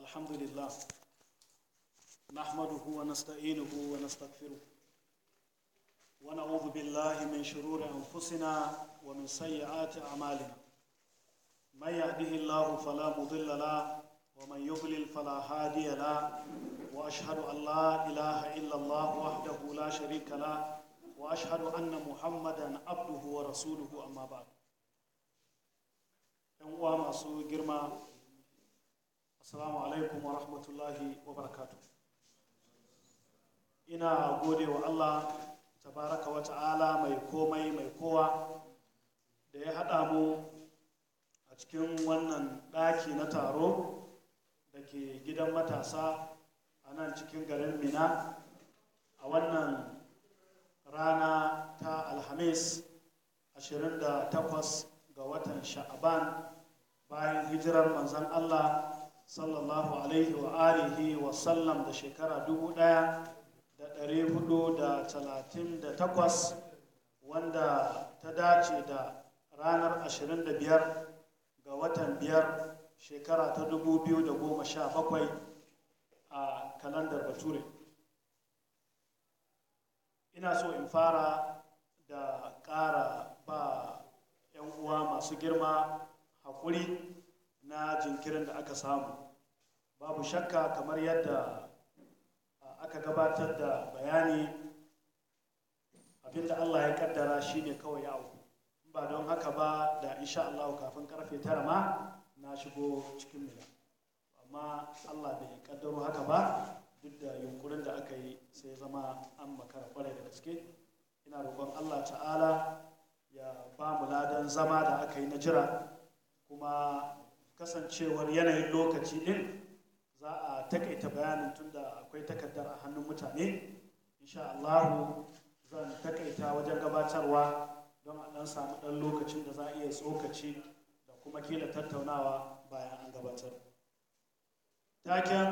الحمد لله نحمده ونستعينه ونستغفره ونعوذ بالله من شرور أنفسنا ومن سيئات أعمالنا من يهده الله فلا مضل له ومن يضلل فلا هادي له وأشهد أن لا إله إلا الله وحده لا شريك له وأشهد أن محمدا عبده ورسوله أما بعد ‘yan uwa masu girma Assalamu alaikum wa rahmatullahi wa barakatu. Ina gode wa Allah ta baraka wa ta'ala mai komai mai kowa da ya haɗa mu a cikin wannan ɗaki na taro da ke gidan matasa a nan cikin garin Mina a wannan rana ta Alhamis 28 ga watan Sha'aban bayan hijirar manzan Allah sallallahu alaihi wa alihi wa sallam da shekara dubu ɗaya da ɗari hudu da talatin da takwas wanda ta dace da ranar ashirin da biyar ga watan biyar shekara ta dubu biyu da goma sha bakwai a kalandar bature ina so in fara da ƙara ba 'yan uwa masu girma haƙuri na jinkirin da aka samu babu shakka kamar yadda aka gabatar da bayani abinda Allah ya kaddara shi ne kawai ya auku ba don haka ba da insha Allah kafin karfe tara ma na shigo cikin mila amma Allah bai kaddaro haka ba duk da yunkurin da aka yi sai zama an makara kwarai da gaske ina roƙon Allah ta'ala ya ba mu ladan zama da aka yi na jira kuma kasancewar yanayin lokaci din za a takaita bayanin tunda akwai takardar a hannun mutane insha Allahu zan takaita wajen gabatarwa don a ɗan samu ɗan lokacin da za a iya tsokaci da kuma kila tattaunawa bayan an gabatar taken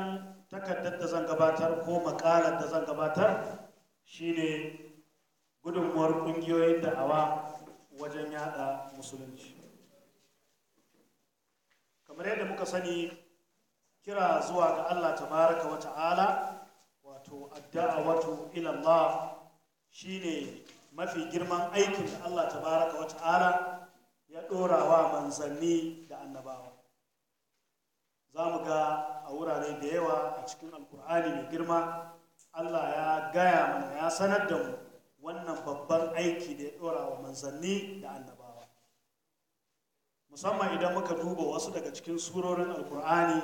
takardar da zan gabatar ko makalar da zan gabatar shine gudunmuwar ƙungiyoyin da'awa wajen yada musulunci kamar yadda muka sani kira zuwa ga Allah tabaraka wa ta'ala wato wato ila Allah shine mafi girman aikin da Allah tabaraka wa ta'ala ya dora wa manzanni da annabawa za mu ga a wurare da yawa a cikin alkur'ani mai girma Allah ya gaya mana ya sanar da mu wannan babban aiki da ya dora wa manzanni da annabawa musamman idan muka duba wasu daga cikin surorin alkur'ani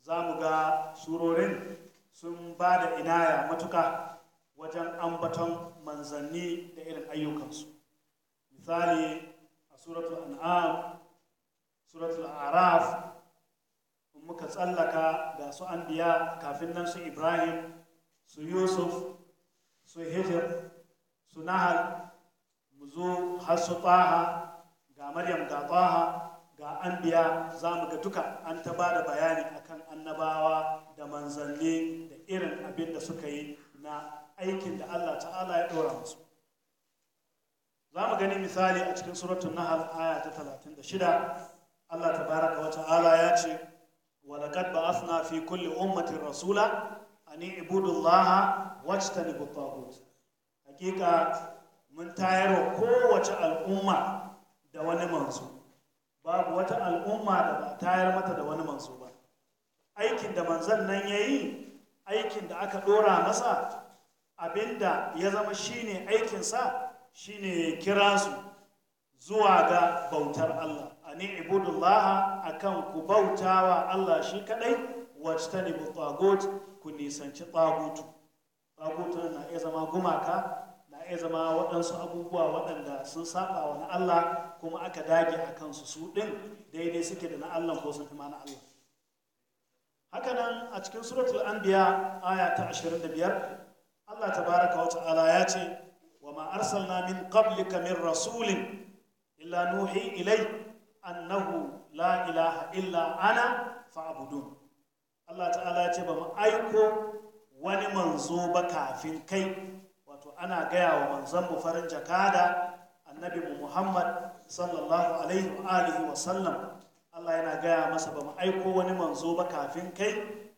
za mu ga surorin sun ba da inaya matuka wajen ambaton manzanni da irin ayyukansu misali a suratul an'am suratul araf muka tsallaka ga su an biya kafin nan su ibrahim su yusuf su hijir su nahal mu zo har su taha ga maryam ga taha ga anbiya za mu ga duka an ta ba da bayani akan annabawa da manzanni da irin abin da suka yi na aikin da allah ta'ala ya ɗora musu za mu gani misali a cikin suratun nahal aya ta 36 allah ta wa ta'ala ya ce walakad ba'athna fi kulli ummatin rasula ani ibudullaha wajtanibu tagut hakika mun tayar wa kowace al'umma da wani manzo babu wata al'umma da ba tayar mata da wani manzo ba aikin da manzon nan ya yi aikin da aka ɗora masa abinda ya zama shine aikinsa shine ya kira su zuwa ga bautar Allah a ibudullaha akan ku bautawa Allah shi kadai wacce ta nemi ku nisanci tsagutu tsagutu na iya zama gumaka ya zama waɗansu abubuwa waɗanda sun saba wa na Allah kuma aka dage a kansu su ɗin daidai suke da na Allah ko sun fi ma na Allah hakanan a cikin suratul anbiya aya ta 25 Allah tabaraka wa ta'ala ya ce wa ma arsalna min qablika min rasulin illa nuhi ilai annahu la ilaha illa ana fa'budun Allah ta'ala ya ce ba mu aiko wani manzo ba kafin kai ana gaya wa manzanmu farin jakada annabi mu muhammad sallallahu alaihi wa wa sallam allah yana gaya masa ba mu aiko wani manzo ba kafin kai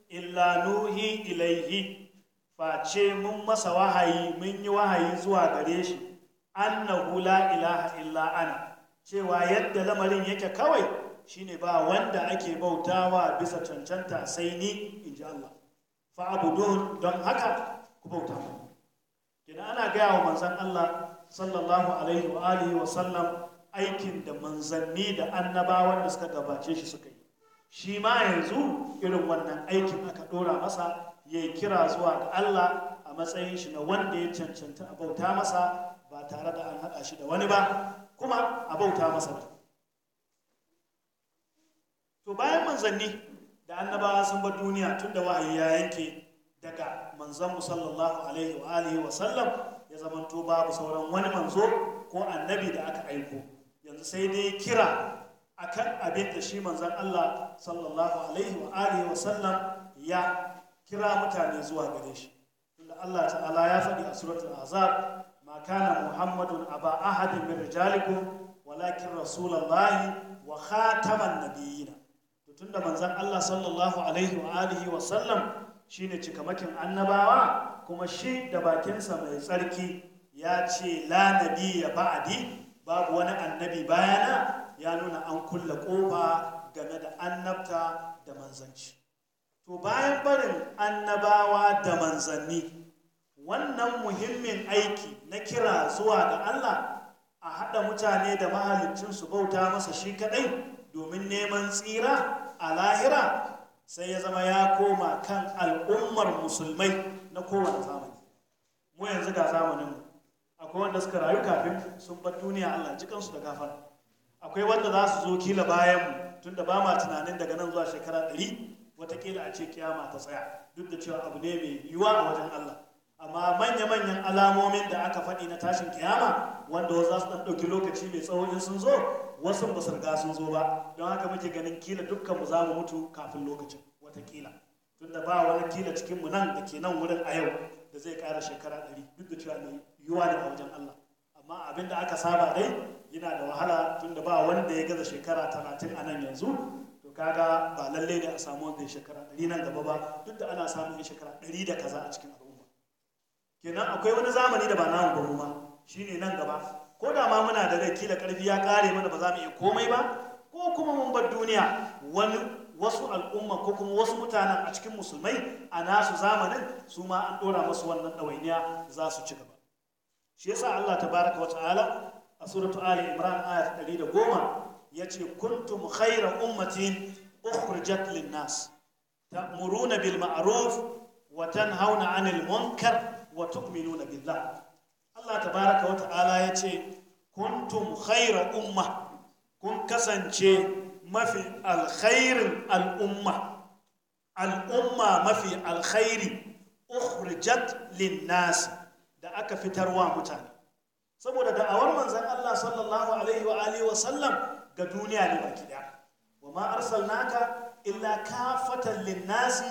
illa nuhi ilaihi face mun masa wahayi mun yi wahayi zuwa gare shi annahu la ilaha illa ana cewa yadda lamarin yake kawai shine ba wanda ake bautawa bisa cancanta sai ni in ji Allah abudun don haka ku bauta mu Ina ana gaya wa manzan Allah sallallahu alaihi wa alihi wa sallam aikin da manzanni da annabawan da suka gabace shi suka yi shi ma yanzu irin wannan aikin aka ɗora masa ya yi kira zuwa ga Allah a matsayin shi na wanda ya cancanta a bauta masa ba tare da an haɗa shi da wani ba kuma a bauta masa ba to bayan manzanni da annabawa sun bar duniya tun da wahayi ya yanke daga manzanmu sallallahu alaihi wa alihi wa sallam ya zamanto babu sauran wani manzo ko annabi da aka aiko yanzu sai dai kira akan abin da shi manzan Allah sallallahu alaihi wa alihi wa sallam ya kira mutane zuwa gare shi tunda Allah ta'ala ya faɗi a suratul azab ma kana muhammadun aba ahadin min rijalikum walakin rasulullahi wa khataman nabiyina to tunda manzan Allah sallallahu alaihi wa alihi wa sallam Shi shine cikamakin annabawa kuma shi da bakinsa mai tsarki ya ce lanabi ya ba'adi babu wani annabi bayana ya nuna an kulle kofa game da annabta da manzanci to bayan barin annabawa da manzanni wannan muhimmin aiki na kira zuwa ga Allah a haɗa mutane da mahaliccin su bauta masa shi kaɗai domin neman tsira a lahira sai ya zama ya koma kan al'ummar musulmai na kowane zamani mu yanzu ga zamanin mu akwai wanda suka rayu kafin sun bar duniya Allah jikan kansu da gafara akwai wanda za su zo kila bayan mu tunda ba ma tunanin daga nan zuwa shekara ɗari watakila a ce kiyama ta tsaya duk da cewa abu ne mai yiwuwa a wajen Allah amma manya-manyan alamomin da aka faɗi na tashin kiyama wanda wasu za su ɗauki lokaci mai tsawo in sun zo wasu ba sarga sun zo ba don haka muke ganin kila dukkan mu za mu mutu kafin lokacin watakila tunda ba wani kila cikin mu nan da ke nan wurin a yau da zai kara shekara ɗari duk da cewa mai yiwuwa ne a wajen Allah amma abin da aka saba dai yana da wahala tunda ba wanda ya gaza shekara talatin a nan yanzu to kaga ba lallai ne a samu wanda ya shekara ɗari nan gaba ba duk da ana samun shekara ɗari da kaza a cikin al'umma kenan akwai wani zamani da ba namu ba mu shine nan gaba ko da ma muna da rai kila karfi ya kare mana ba za mu iya komai ba ko kuma mun bar duniya wani wasu al'umma ko kuma wasu mutanen a cikin musulmai a nasu zamanin su ma an ɗora masu wannan ɗawainiya za su ci gaba shi yasa Allah tabaraka wa ta'ala a suratu Ali Imran aya ta goma ya ce kuntum khayra ummatin ukhrijat lin-nas ta'muruna bil ma'ruf wa tanhauna 'anil munkar wa tu'minuna billah Allah tabaraka wa ta'ala ya ce kuntum khaira umma kun kasance mafi alkhairin al'umma al'umma mafi alkhairi ukhrijat linnas da aka fitarwa mutane saboda da'awar manzon Allah sallallahu alaihi wa alihi wa sallam ga duniya ne baki daya wa ma arsalnaka illa kafatan linnasi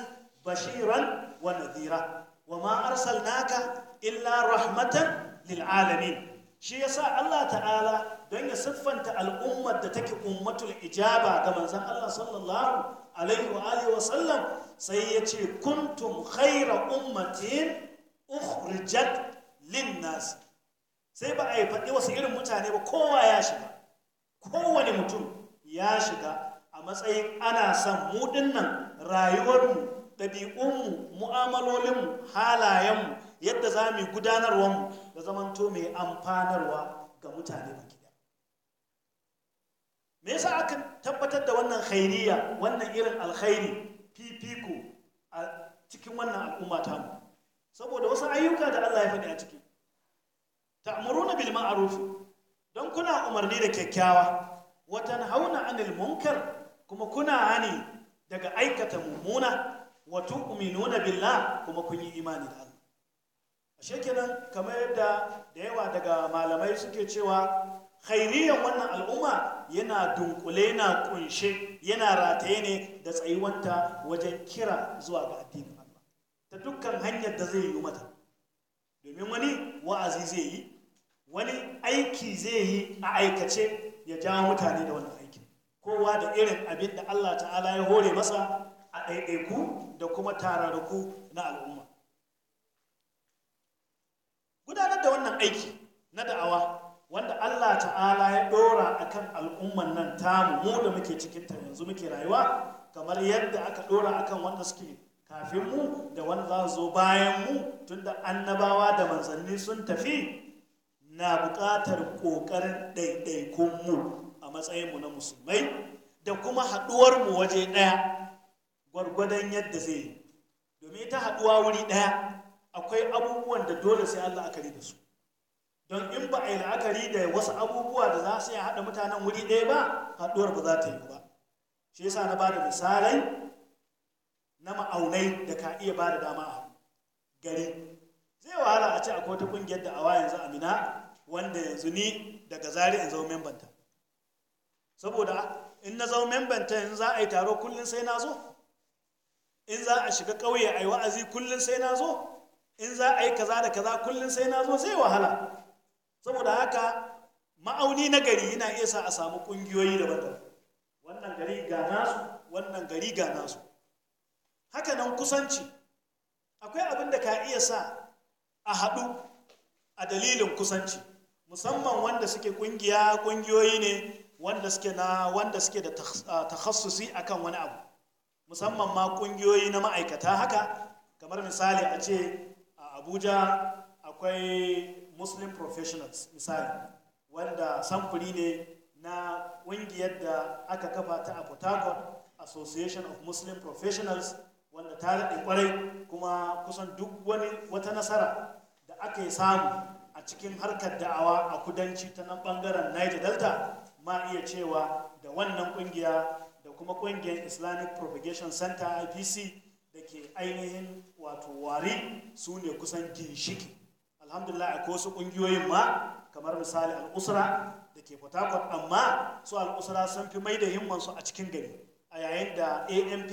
bashiran wa nadhira wa ma arsalnaka illa rahmatan lil'alamin shi yasa Allah ta'ala don ya siffanta al'ummar da take ummatul ijaba ga manzon Allah sallallahu alaihi wa sallam sai ya ce kuntum khaira ummatin ukhrijat linnas sai ba a yi faɗi wasu irin mutane ba kowa ya shiga kowane mutum ya shiga a matsayin ana son mu dinnan rayuwarmu ɗabi'unmu mu'amalolinmu halayenmu yadda za mu yi gudanarwarmu ya zamanto mai amfanarwa ga mutane baki gida. me yasa aka tabbatar da wannan khairiya wannan irin alkhairi fifiko a cikin wannan al'umma ta mu saboda wasu ayyuka da Allah ya faɗi a ciki ta'muruna bil ma'ruf don kuna umarni da kyakkyawa wa tanhauna 'anil munkar kuma kuna hani daga aikata mummuna wa tu'minuna billah kuma kun yi imani da shekenan kamar yadda da yawa daga malamai suke cewa khairiyan wannan al'umma yana dunkule na kunshe yana rataye ne da tsayuwanta wajen kira zuwa ga addinin ta dukkan hanyar da zai yi mata domin wani wa'azi zai yi wani aiki zai yi a aikace ya ja mutane da wannan aiki kowa da irin abin da Allah ta'ala ya hore masa a ɗaiɗaiku da kuma tararraku na al'umma gudanar da wannan aiki na da'awa wanda Allah ta'ala ya dora kan al'umman nan tamu mu da muke cikinta yanzu muke rayuwa kamar yadda aka dora kan wanda suke kafin mu da wanda za zo bayan mu tunda annabawa da manzanni sun tafi na buƙatar ƙoƙarin ɗaiɗaikun mu a matsayinmu na musulmai da kuma haɗuwar mu waje ɗaya gwargwadon yadda zai yi domin ta haɗuwa wuri ɗaya akwai abubuwan da dole sai Allah akari da su don in ba a yi la'akari da wasu abubuwa da za su iya haɗa mutanen wuri ɗaya ba haɗuwar ba za ta yi ba shi yasa na ba da misalai na ma'aunai da ka iya ba da dama a gari zai wahala a ce akwai wata ƙungiyar da awa yanzu amina wanda yanzu ni daga zari in zama membanta saboda in na zama membanta in za a yi taro kullum sai na zo in za a shiga ƙauye a yi wa'azi kullum sai na zo in za a yi kaza da kaza kullum sai na zo sai wahala saboda haka ma'auni na gari yana iya sa a samu ƙungiyoyi daban-daban wannan gari ga nasu wannan gari ga nasu haka nan kusanci akwai abin da ka iya sa a haɗu a dalilin kusanci musamman wanda suke ƙungiya ƙungiyoyi ne wanda suke na wanda suke da ah, takhassusi akan wani abu musamman ma ƙungiyoyi na ma'aikata haka kamar misali a ce abuja akwai muslim professionals misali wanda samfuri ne na ƙungiyar da aka kafa ta a association of muslim professionals wanda ta daɗe kwarai kuma kusan duk wani wata nasara da aka yi samu a cikin harkar da'awa a kudanci ta nan ɓangaren niger delta ma iya cewa da wannan ƙungiya da kuma ƙungiyar islamic propagation center ipc ainihin wato wari su ne kusan ginshiki alhamdulillah a wasu ƙungiyoyin ma kamar misali al'usra da ke port amma su al'usra sun fi mai da su a cikin gari a yayin da amp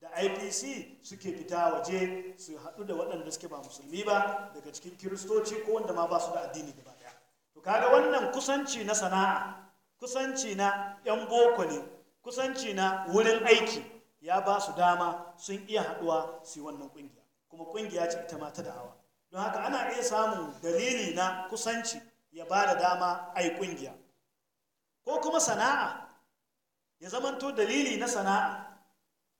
da ipc suke fita waje su haɗu da waɗanda suke ba musulmi ba daga cikin kiristoci ko wanda ma ba su da addini gaba ɗaya to kaga wannan kusanci na sana'a kusanci na 'yan boko ne kusanci na wurin aiki ya ba su dama sun iya haɗuwa su wannan ƙungiya kuma ƙungiya ce ita ma ta da'awa don haka ana iya samun dalili na kusanci ya ba da dama a yi ƙungiya ko kuma sana'a ya zamanto dalili na sana'a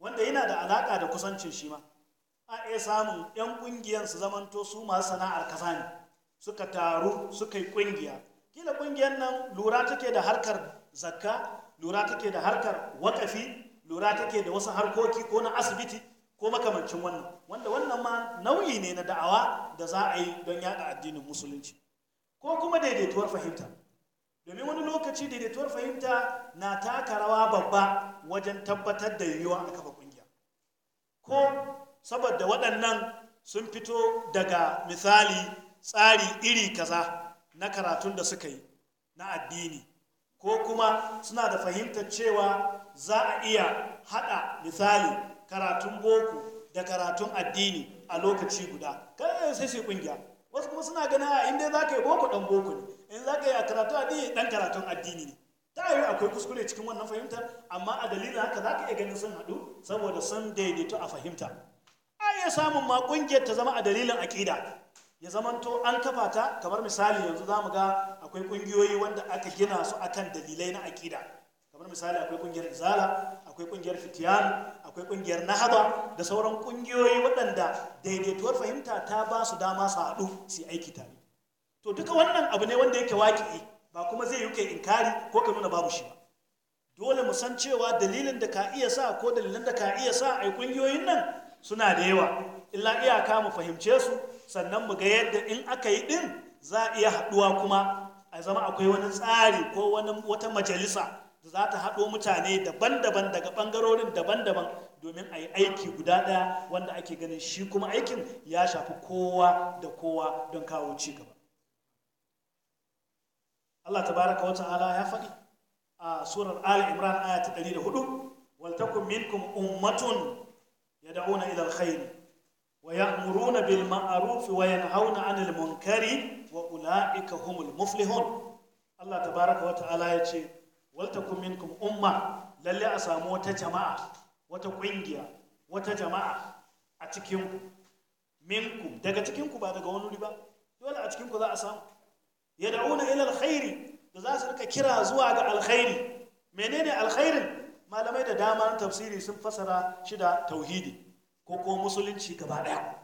wanda yana da alaƙa da kusancin shi ma a iya samun 'yan ƙungiyar su zamanto su masu sana'ar kaza ne suka taru suka yi ƙungiya kila ƙungiyar nan lura take da harkar zakka lura take da harkar waƙafi lura take da wasu harkoki ko na asibiti ko makamancin wannan wanda wannan ma nauyi ne na da'awa da za a yi don yada addinin musulunci ko kuma daidaituwar fahimta domin wani lokaci daidaituwar fahimta na taka rawa babba wajen tabbatar da yiwuwa a kafa kungiya ko saboda waɗannan sun fito daga misali tsari iri kaza na karatun da suka yi na addini ko kuma suna da fahimtar cewa za a iya haɗa misali karatun boko da karatun addini a lokaci guda kada eh, sai su kungiya wasu kuma suna ganin a inda za ka yi boko dan boko ne in za ka yi a karatun addini ɗan karatun addini ne ta yi akwai kuskure cikin wannan fahimta amma a dalilin haka za ka iya ganin sun haɗu saboda sun daidaito a fahimta a iya samun ma ƙungiyar ta zama a dalilin aƙida ya zamanto an kafa ta kamar misali yanzu za mu ga akwai kungiyoyi wanda aka gina su akan dalilai na aƙida kamar misali akwai kungiyar izala akwai kungiyar fitiyan akwai kungiyar nahaba da sauran kungiyoyi waɗanda daidaituwar fahimta ta ba su dama su haɗu su aiki tare to duka wannan abu ne wanda yake waƙi ba kuma zai yi kai inkari ko ka nuna babu shi ba dole mu san cewa dalilin da ka iya sa ko dalilan da ka iya sa ai kungiyoyin nan suna da yawa illa iyaka mu fahimce su sannan mu ga yadda in aka yi ɗin za a iya haɗuwa kuma a zama akwai wani tsari ko wani wata majalisa da za ta haɗo mutane daban-daban daga ɓangarorin daban-daban domin a yi aiki guda ɗaya wanda ake ganin shi kuma aikin ya shafi kowa da kowa don kawo ci gaba Allah ta baraka wata ala ya faɗi a surar Ali Imran aya ta 104 wal takum minkum ummatun ya yad'una ila khairi ويأمرون بالمعروف وينهون عن المنكر وأولئك هم المفلحون الله تبارك وتعالى يقول ولتكن منكم أمة للي أسامو تجماعة وتقوينجيا وتجماعة أتكينكم منكم daga cikin ku ba daga wani wuri ba dole a cikin za a samu yad'una ila alkhairi da za su rika kira zuwa ga alkhairi menene alkhairin malamai da dama tafsiri sun fasara shi da tauhidi ko kuma musulunci gaba ɗaya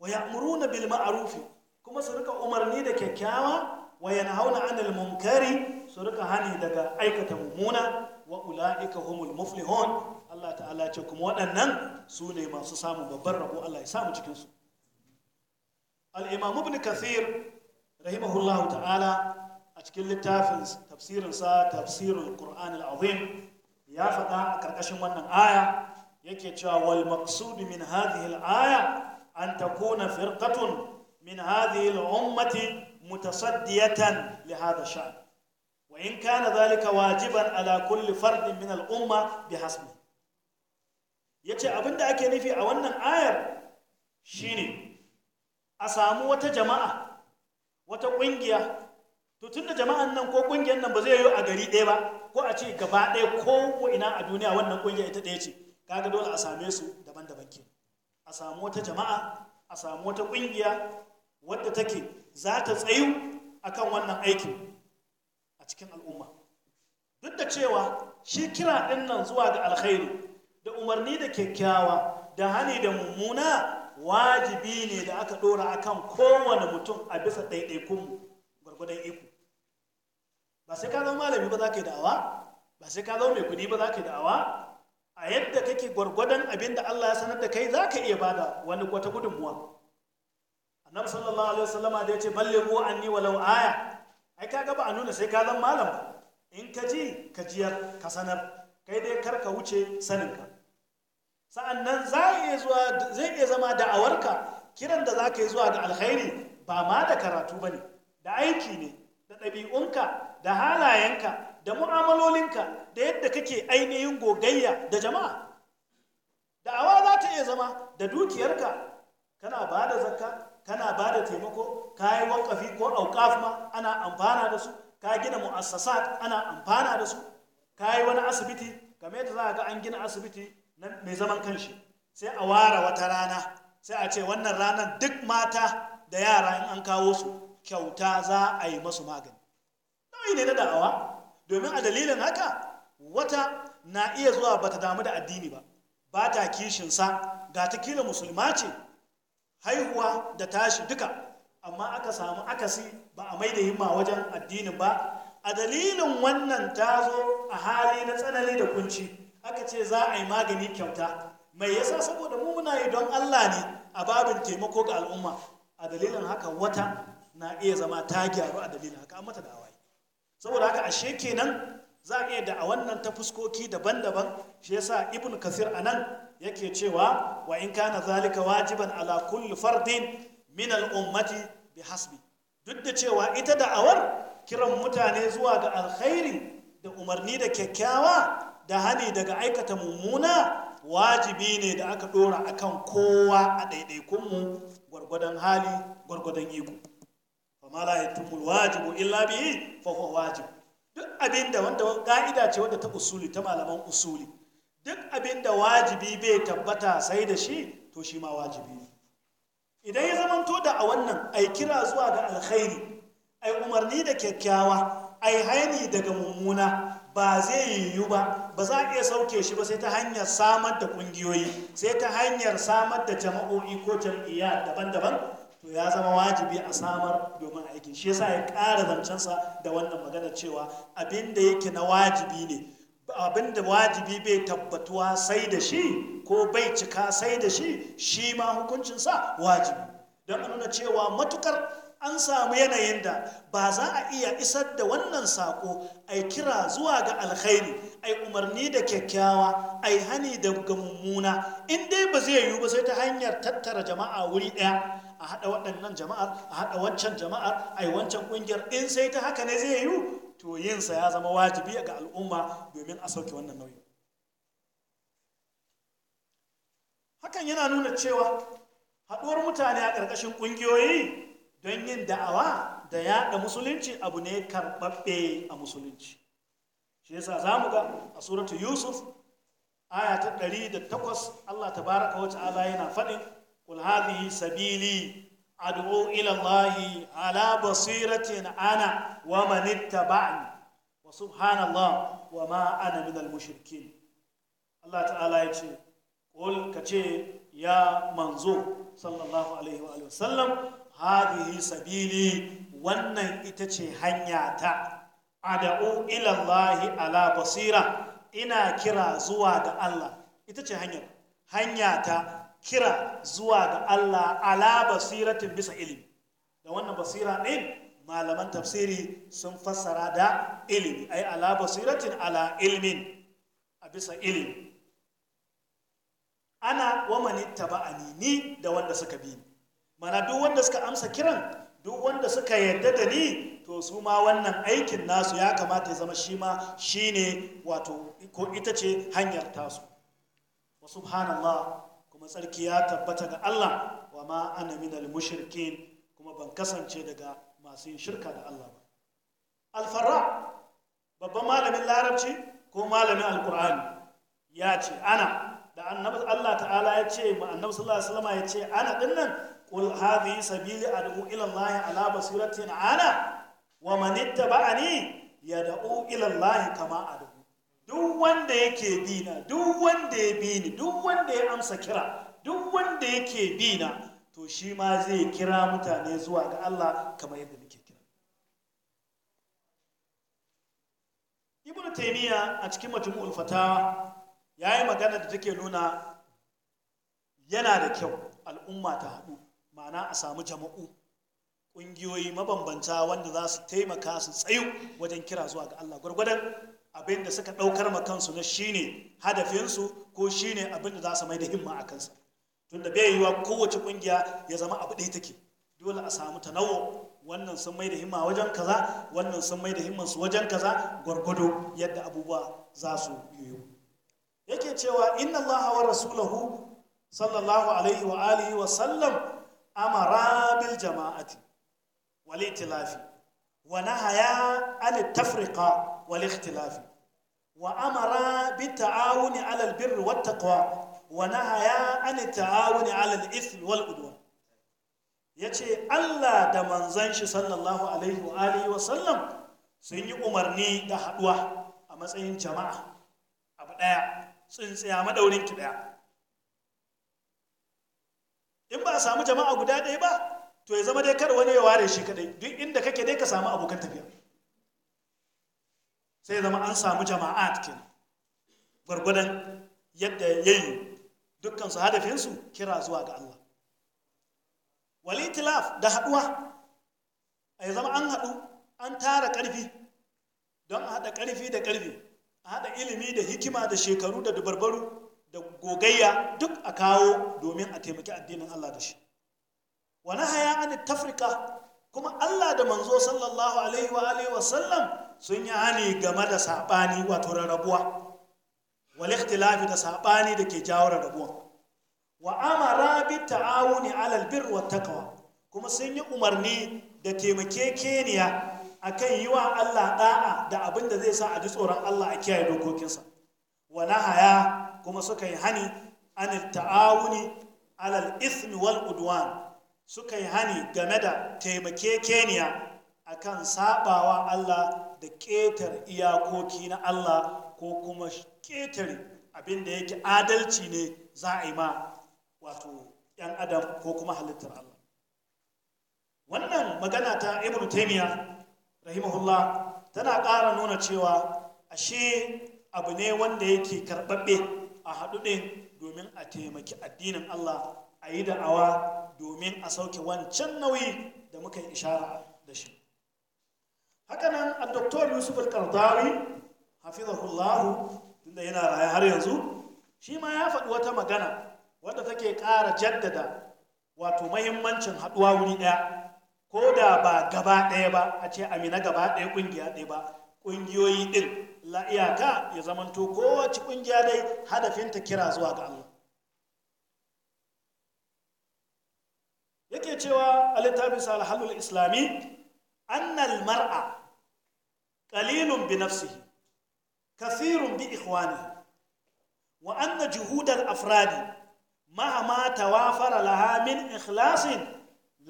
wa ya'muruna bil ma'arufi kuma su rika umarni da kyakkyawa wa yanhauna 'anil munkari su rika hani daga aikata mummuna wa ula'ika humul muflihun Allah ta'ala ce kuma waɗannan su ne masu samun babban rabo Allah ya samu cikin su al-imam ibn kathir rahimahullahu ta'ala a cikin littafin tafsirinsa tafsirul qur'an al-azim ya faɗa a ƙarƙashin wannan aya yake cewa wal maqsud min hadhihi al aya an takuna firqatun min hadhihi al ummati mutasaddiyatan li hadha sha'n wa in kana dhalika wajiban ala kulli fardin min al umma bihasbi yace abinda ake nufi a wannan ayar shine a samu wata jama'a wata kungiya to tunda jama'an nan ko kungiyar nan ba zai yi a gari ɗaya ba ko a ce gaba ɗaya ko ina a duniya wannan kungiya ita ɗaya ce kaga dole a same su daban-daban ke a samu wata jama'a a samu wata ƙungiya wadda take za ta tsayu akan wannan aikin a cikin al'umma duk da cewa shi kira ɗin nan zuwa ga alkhairu da umarni da kyakkyawa da hani da mummuna wajibi ne da aka ɗora akan kowane mutum a bisa ɗaiɗaikunmu gwargwadon iko ba sai ka zama malami ba za ka yi da'awa ba sai ka zama mai kuɗi ba za ka yi da'awa a yadda kake gwargwadon abin da Allah ya sanar da kai za ka iya bada wani wata gudunmuwa annabi sallallahu alaihi wasallama da ya ce ballighu anni walau aya ai kaga ba a nuna sai ka zan malam in ka ji ka jiyar ka sanar kai dai kar ka wuce saninka sa'an nan zai iya zama da'awarka kiran da za ka yi zuwa da alkhairi ba ma da karatu ba ne da aiki ne da ɗabi'unka da halayenka da mu'amalolinka da yadda kake ainihin gogayya da jama'a da'awa za ta iya zama da dukiyarka kana ba da zakka kana ba da taimako ka yi wakafi ko auƙaf ma ana amfana da su ka gina mu'assasat ana amfana da su ka yi wani asibiti game da za ga an gina asibiti mai zaman kanshi sai a ware wata rana sai a ce wannan ranar duk mata da yara in an kawo su kyauta za a yi masu magani nau'i ne na da'awa domin a dalilin haka wata na iya zuwa bata damu da addini ba ba ta sa, ga ta kila musulma ce haihuwa da tashi duka amma aka samu akasi ba a mai da himma wajen addinin ba a dalilin wannan ta zo a hali na tsanani da kunci aka ce za a yi magani kyauta mai yasa saboda mu muna yi don Allah ne a babin taimako ga al'umma a dalilin haka wata na iya zama ta gyaru a dalilin haka an mata dawa saboda haka ashe kenan za a iya da a wannan ta fuskoki daban-daban shi yasa ibn kasir nan yake cewa wa in kana zalika wajiban ala kulli fardin min al-ummati bi hasbi duk da cewa ita da'awar kiran mutane zuwa ga alkhairi da umarni da kyakkyawa da hani daga aikata mummuna wajibi ne da aka dora akan kowa a ɗaiɗaikunmu gwargwadon hali gwargwadon iko fa ma la yatimul wajibu illa bihi fa huwa wajib duk abinda wanda ga'ida ce wanda ta usuli ta malaman usuli duk abinda wajibi bai tabbata sai da shi to shi ma wajibi ne idan ya zamanto da a wannan ai kira zuwa ga alkhairi ai umarni da kyakkyawa ai haini daga mummuna ba zai yiwu ba ba za a iya sauke shi ba sai ta hanyar samar da kungiyoyi sai ta hanyar samar da jama'o'i ko jam'iyya daban-daban to ya zama wajibi a samar domin aiki shi yasa ya ƙara zancensa da wannan magana cewa abin da yake na wajibi ne abin da wajibi bai tabbatuwa sai da shi ko bai cika sai da shi shi ma hukuncinsa wajibi don a nuna cewa matukar an samu yanayin da ba za a iya isar da wannan sako ai kira zuwa ga alkhairi ai umarni da kyakkyawa ai hani da mummuna in dai ba zai yiwu ba sai ta hanyar tattara jama'a wuri ɗaya a haɗa waɗannan jama'ar a haɗa wancan jama'ar a yi wancan ƙungiyar in sai ta haka ne zai yiwu to yinsa ya zama wajibi ga al'umma domin a sauke wannan nauyin hakan yana nuna cewa haɗuwar mutane a ƙarƙashin ƙungiyoyi don yin da'awa da yaɗa musulunci abu ne karɓaɓɓe a musulunci shi yasa za mu ga a suratu yusuf aya ta takwas allah tabaraka wa ta'ala yana faɗin قل هذه سبيلي أدعو إلى الله على بصيرة أنا ومن اتبعني وسبحان الله وما أنا من المشركين الله تعالى يقول قل كتير يا منظور صلى الله عليه وآله وسلم هذه سبيلي wannan ita ce hanya ta ad'u ila Allah ala basira ina kira zuwa ga Allah ita ce hanyar hanya ta kira zuwa ga Allah ala basiratin bisa ilimi da wannan basira ɗin malaman tafsiri sun fassara da ilimi ai ala basiratin ala ilmin a bisa ilimi ana wamani taba'ani ni da wanda suka bi mana duk wanda suka amsa kiran duk wanda suka yadda da ni to su ma wannan aikin nasu ya kamata ya zama shi ma shi ne wato ko ita ce hanyar tasu wa subhanallah kuma tsarki ya tabbata ga Allah wa ma ana minal mushrikin kuma ban kasance daga masu yin shirka da Allah ba alfarra babban malamin larabci ko malamin alkur'ani ya ce ana da annabi Allah ta'ala ya ce ma annabi sallallahu alaihi wasallam ya ce ana dinnan qul hadhihi sabili ad'u ila Allah ala basiratin ana wa man ittaba'ani yad'u ila Allah kama ad'u duk wanda yake bina, duk wanda ya bi ni duk wanda ya amsa kira duk wanda yake bina to shi ma zai kira mutane zuwa ga Allah kamar yadda muke kira Ibn taymiya a cikin majmu'ul fatawa yayi magana da take nuna yana da kyau al'umma ta haɗu ma'ana a samu jama'u ƙungiyoyi mabambanta wanda za su taimaka su tsayu wajen kira zuwa ga Allah gwargwadon abin da suka ɗaukar ma kansu na shine hadafinsu ko shine abin da za su mai da himma a kansa tunda bai yiwa kowace ƙungiya ya zama abu ɗaya take dole a samu tanawo wannan sun mai da himma wajen kaza wannan sun mai da himmansu wajen kaza gwargwado yadda abubuwa za su yiwu yake cewa inna allaha wa rasulahu sallallahu alaihi wa alihi wa sallam amara bil jama'ati wal itilafi wa nahaya an tafriqa wal ikhtilafi wa amara ta'awuni 'alal birri wat taqwa wa nahaya ta'awuni 'alal ithmi wal Ya yace Allah da manzon shi sallallahu alaihi wa alihi wa sallam sun yi umarni da haduwa a matsayin jama'a abu daya tsintsiya madaurin ki daya in ba a samu jama'a guda ɗaya ba to ya zama dai kar wani ya ware shi kadai duk inda kake dai ka samu abokan tafiya sai zama an samu jama'at ke gwargwadon yadda ya yi dukkansu hadafinsu kira zuwa ga Allah walitilaf da haɗuwa a zama an haɗu an tara ƙarfi don a haɗa ƙarfi da ƙarfi a haɗa ilimi da hikima da shekaru da dubarbaru da gogayya duk a kawo domin a taimaki addinin Allah da shi wani haya an tafrika kuma Allah da manzo sallallahu alaihi wa alihi wa sallam sun yi hani game da sabani wato rarrabuwa wal ikhtilafi da sabani da ke jawo rarrabuwa wa amara bi ta'awuni alal birr wat taqwa kuma sun yi umarni da taimakekeniya akan yi wa Allah da'a da abin da zai sa a ji tsoron Allah a kiyaye dokokinsa wa nahaya kuma suka yi hani anil ta'awuni alal ismi wal udwan suka yi hani game da taimake taimakekeniya kan sabawa Allah da ƙetar iyakoki na Allah ko kuma ƙetare abin yake adalci ne za a yi ma wato 'yan adam ko kuma halittar Allah wannan magana ta ibn taimiyya rahimahullah tana ƙara nuna cewa ashe abu ne wanda yake karɓaɓɓe a haɗu ne domin a taimaki addinin Allah a yi da'awa domin a sauke wancan nauyi da muka yi ishara da shi hakanan a doktor yusuf al-qardawi hafizahullahu tunda yana raye har yanzu shi ma ya faɗi wata magana wadda take ƙara jaddada wato mahimmancin haɗuwa wuri ɗaya ko da ba gaba ɗaya ba a ce amina gaba ɗaya ƙungiya ɗaya ba ƙungiyoyi ɗin la'iyaka ya zamanto kowace ƙungiya dai hadafinta kira zuwa ga Allah yake cewa a littafinsa alhalul islami annal mar'a qalilun bi nafsihi kathirun bi ikhwanihi wa anna juhudal afradi مهما توافر لها من إخلاص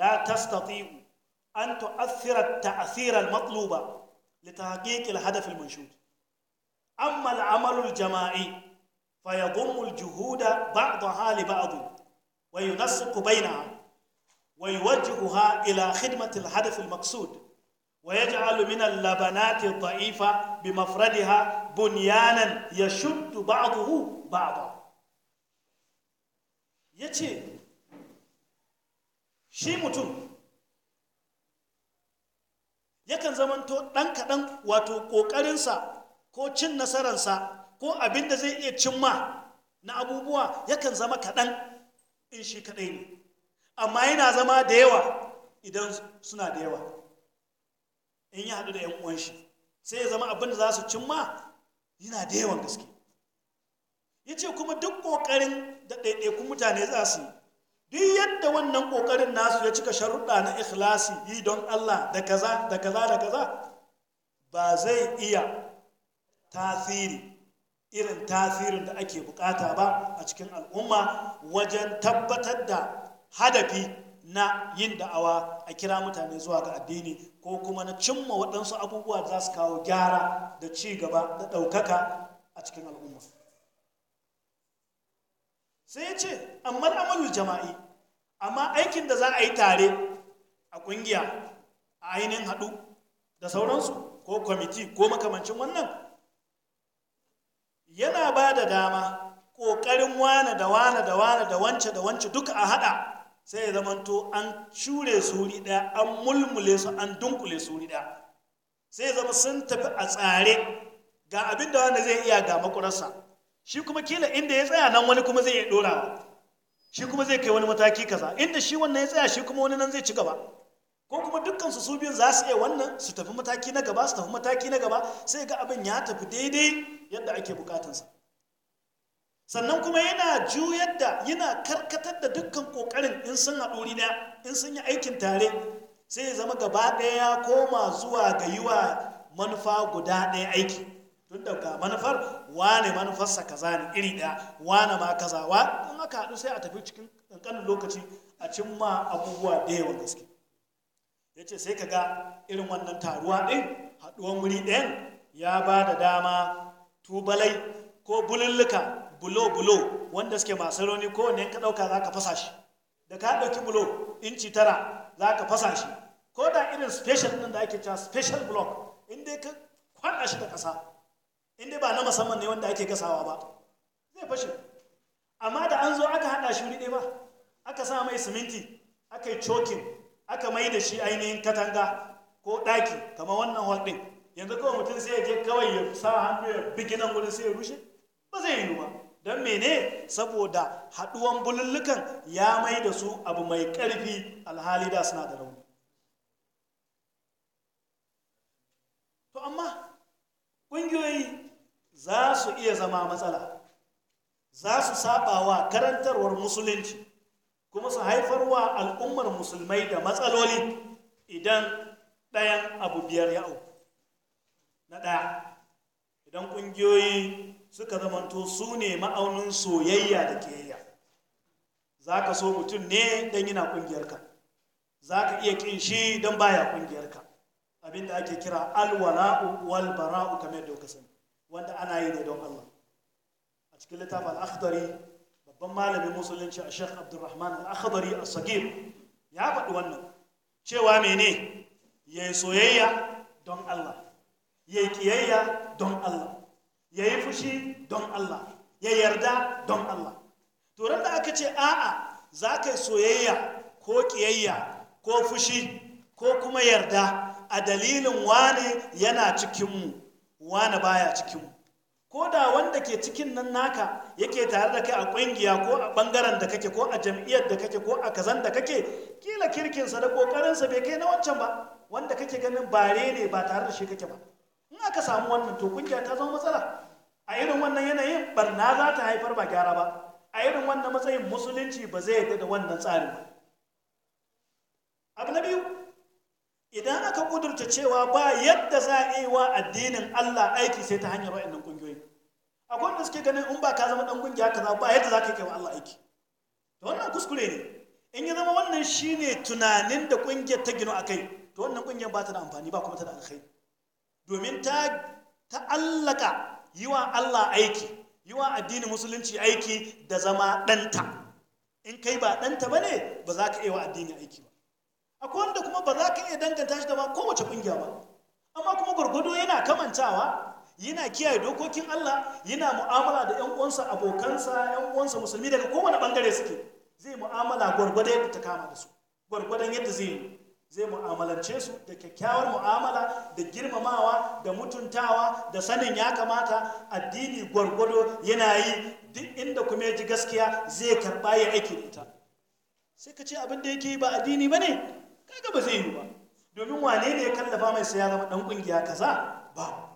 لا تستطيع أن تؤثر التأثير المطلوب لتحقيق الهدف المنشود أما العمل الجماعي فيضم الجهود بعضها لبعض وينسق بينها ويوجهها إلى خدمة الهدف المقصود ويجعل من اللبنات الضعيفة بمفردها بنيانا يشد بعضه بعضا يتي shi mutum yakan zamanto ɗan kaɗan wato ƙoƙarinsa ko cin nasararsa ko abin da zai iya cimma na abubuwa yakan zama kaɗan in shi kaɗai ne amma yana zama da yawa idan suna da yawa in ya haɗu da 'yan uwanshi shi sai ya zama abin da za su cimma yana da yawan gaske ya ce kuma duk ƙoƙarin da ɗaiɗaikun mutane za su yi duk yadda wannan ƙoƙarin nasu ya cika sharuɗa na ikhlasi yi don Allah da kaza da kaza da kaza ba zai iya tasiri irin tasirin da ake buƙata ba a cikin al'umma wajen tabbatar da hadafi na yin da'awa a kira mutane zuwa ga addini ko kuma na cimma waɗansu abubuwa za su kawo gyara da ci gaba da ɗaukaka a cikin al'umma sai ya ce amma amalul jama'i amma aikin da za a yi tare a ƙungiya a ainihin haɗu da sauransu ko kwamiti ko makamancin wannan yana ba da dama ƙoƙarin wane da wane da wane da wance da wance duka a haɗa sai zama zamanto an cure su wuri ɗaya an mulmule su an dunkule su wuri ɗaya sai zama sun tafi a tsare ga abin da wanda zai iya ga makurarsa shi kuma kila inda ya tsaya nan wani kuma zai iya ɗorawa shi kuma zai kai wani mataki kaza inda shi wannan ya tsaya shi kuma wani nan zai ci gaba ko kuma dukkan su su biyun za su iya wannan su tafi mataki na gaba su tafi mataki na gaba sai ga abin ya tafi daidai yadda ake bukatansa sannan kuma yana juyar da yana karkatar da dukkan kokarin in sun haɗu ɗaya in sun yi aikin tare sai zama gaba ɗaya ya koma zuwa ga yi wa manufa guda ɗaya aiki tun da ga manufar wane manufarsa kaza ne iri ɗaya wane ma kaza wa in aka haɗu sai a tafi cikin ƙanƙanin lokaci a cimma abubuwa da yawan gaske ya ce sai ka ga irin wannan taruwa ɗin haɗuwan wuri ɗayan ya ba da dama tubalai ko bululluka bulo-bulo wanda suke masu rauni ko ne ka ɗauka za ka fasa shi da ka ɗauki bulo inci tara za ka fasa shi ko da irin special ɗin da ake cewa special block inda ka kwaɗa shi da ƙasa inda ba na musamman ne wanda ake gasawa ba zai fashe amma da an zo aka haɗa shi wuri ɗaya ba aka sa mai siminti aka yi cokin aka mai da shi ainihin katanga ko ɗaki kamar wannan hot ɗin yanzu kawai mutum sai ya je kawai ya sa hannu ya bigi nan wurin sai ya rushe ba zai yi ba don mene saboda haɗuwan bulullukan ya mai da su abu mai ƙarfi alhali da suna da rauni to amma ƙungiyoyi za su iya zama matsala za su wa karantarwar musulunci kuma su haifar wa al'ummar musulmai da matsaloli idan ɗayan abu biyar ya na ɗaya idan ƙungiyoyi suka zamanto su ne ma'aunin soyayya da kiyayya za ka so mutum ne don yana ƙungiyarka za ka iya ƙin shi don baya ƙungiyarka abinda ake kira alwala'u wal bara'u kamar yadda sani wanda ana yi ne don Allah a cikin littafin al babban malamin musulunci a shekh Abdulrahman al a sagir ya faɗi wannan cewa mene yayi soyayya don Allah yayi kiyayya don Allah ya yi fushi don Allah ya yarda don Allah turan da aka ce a'a za ka yi soyayya ko ƙiyayya ko fushi ko kuma yarda a dalilin wane yana cikinmu wane baya cikinmu ko da wanda ke cikin nan naka yake tare da kai a ƙungiya ko a ɓangaren da kake ko a jam'iyyar da kake ko a kazan da kake kila kirkinsa da ƙoƙarinsa bai kai na wancan ba wanda kake ganin bare ne ba tare da shi kake ba aka samu wannan to kungiya ta zama matsala a irin wannan yanayin barna za ta haifar ba gyara ba a irin wannan matsayin musulunci ba zai yarda da wannan tsarin ba abu na biyu idan aka kudurta cewa ba yadda za a yi wa addinin Allah aiki sai ta hanyar wa'annan kungiyoyi akwai wanda suke ganin in ba ka zama dan kungiya kaza ba yadda za ka yi wa Allah aiki to wannan kuskure ne in ya zama wannan shine tunanin da kungiyar ta gino kai to wannan kungiyar ba ta da amfani ba kuma ta da alkhairi domin ta ta'allaka yi wa Allah aiki yi wa addinin musulunci aiki da zama ɗanta in kai ba ɗanta ba ne ba za ka iya wa addini aiki ba akwai wanda kuma ba za ka iya danganta shi da ba kowace ƙungiya ba amma kuma gwargwado yana kamantawa yana kiyaye dokokin Allah yana mu'amala da ƴan uwansa abokansa ƴan uwansa musulmi daga kowane ɓangare suke zai mu'amala gwargwado yadda ta kama da su gwargwadon yadda zai yi zai mu'amalance su da kyakkyawar mu'amala da girmamawa da mutuntawa da sanin ya kamata addini gwargwado yana yi duk inda kuma ji gaskiya zai karɓa ya aiki da ita sai ka ce abin da yake yi ba addini ba ne kaga ba zai yi ba domin wane ne ya kallafa mai sai ya zama ɗan ƙungiya kaza ba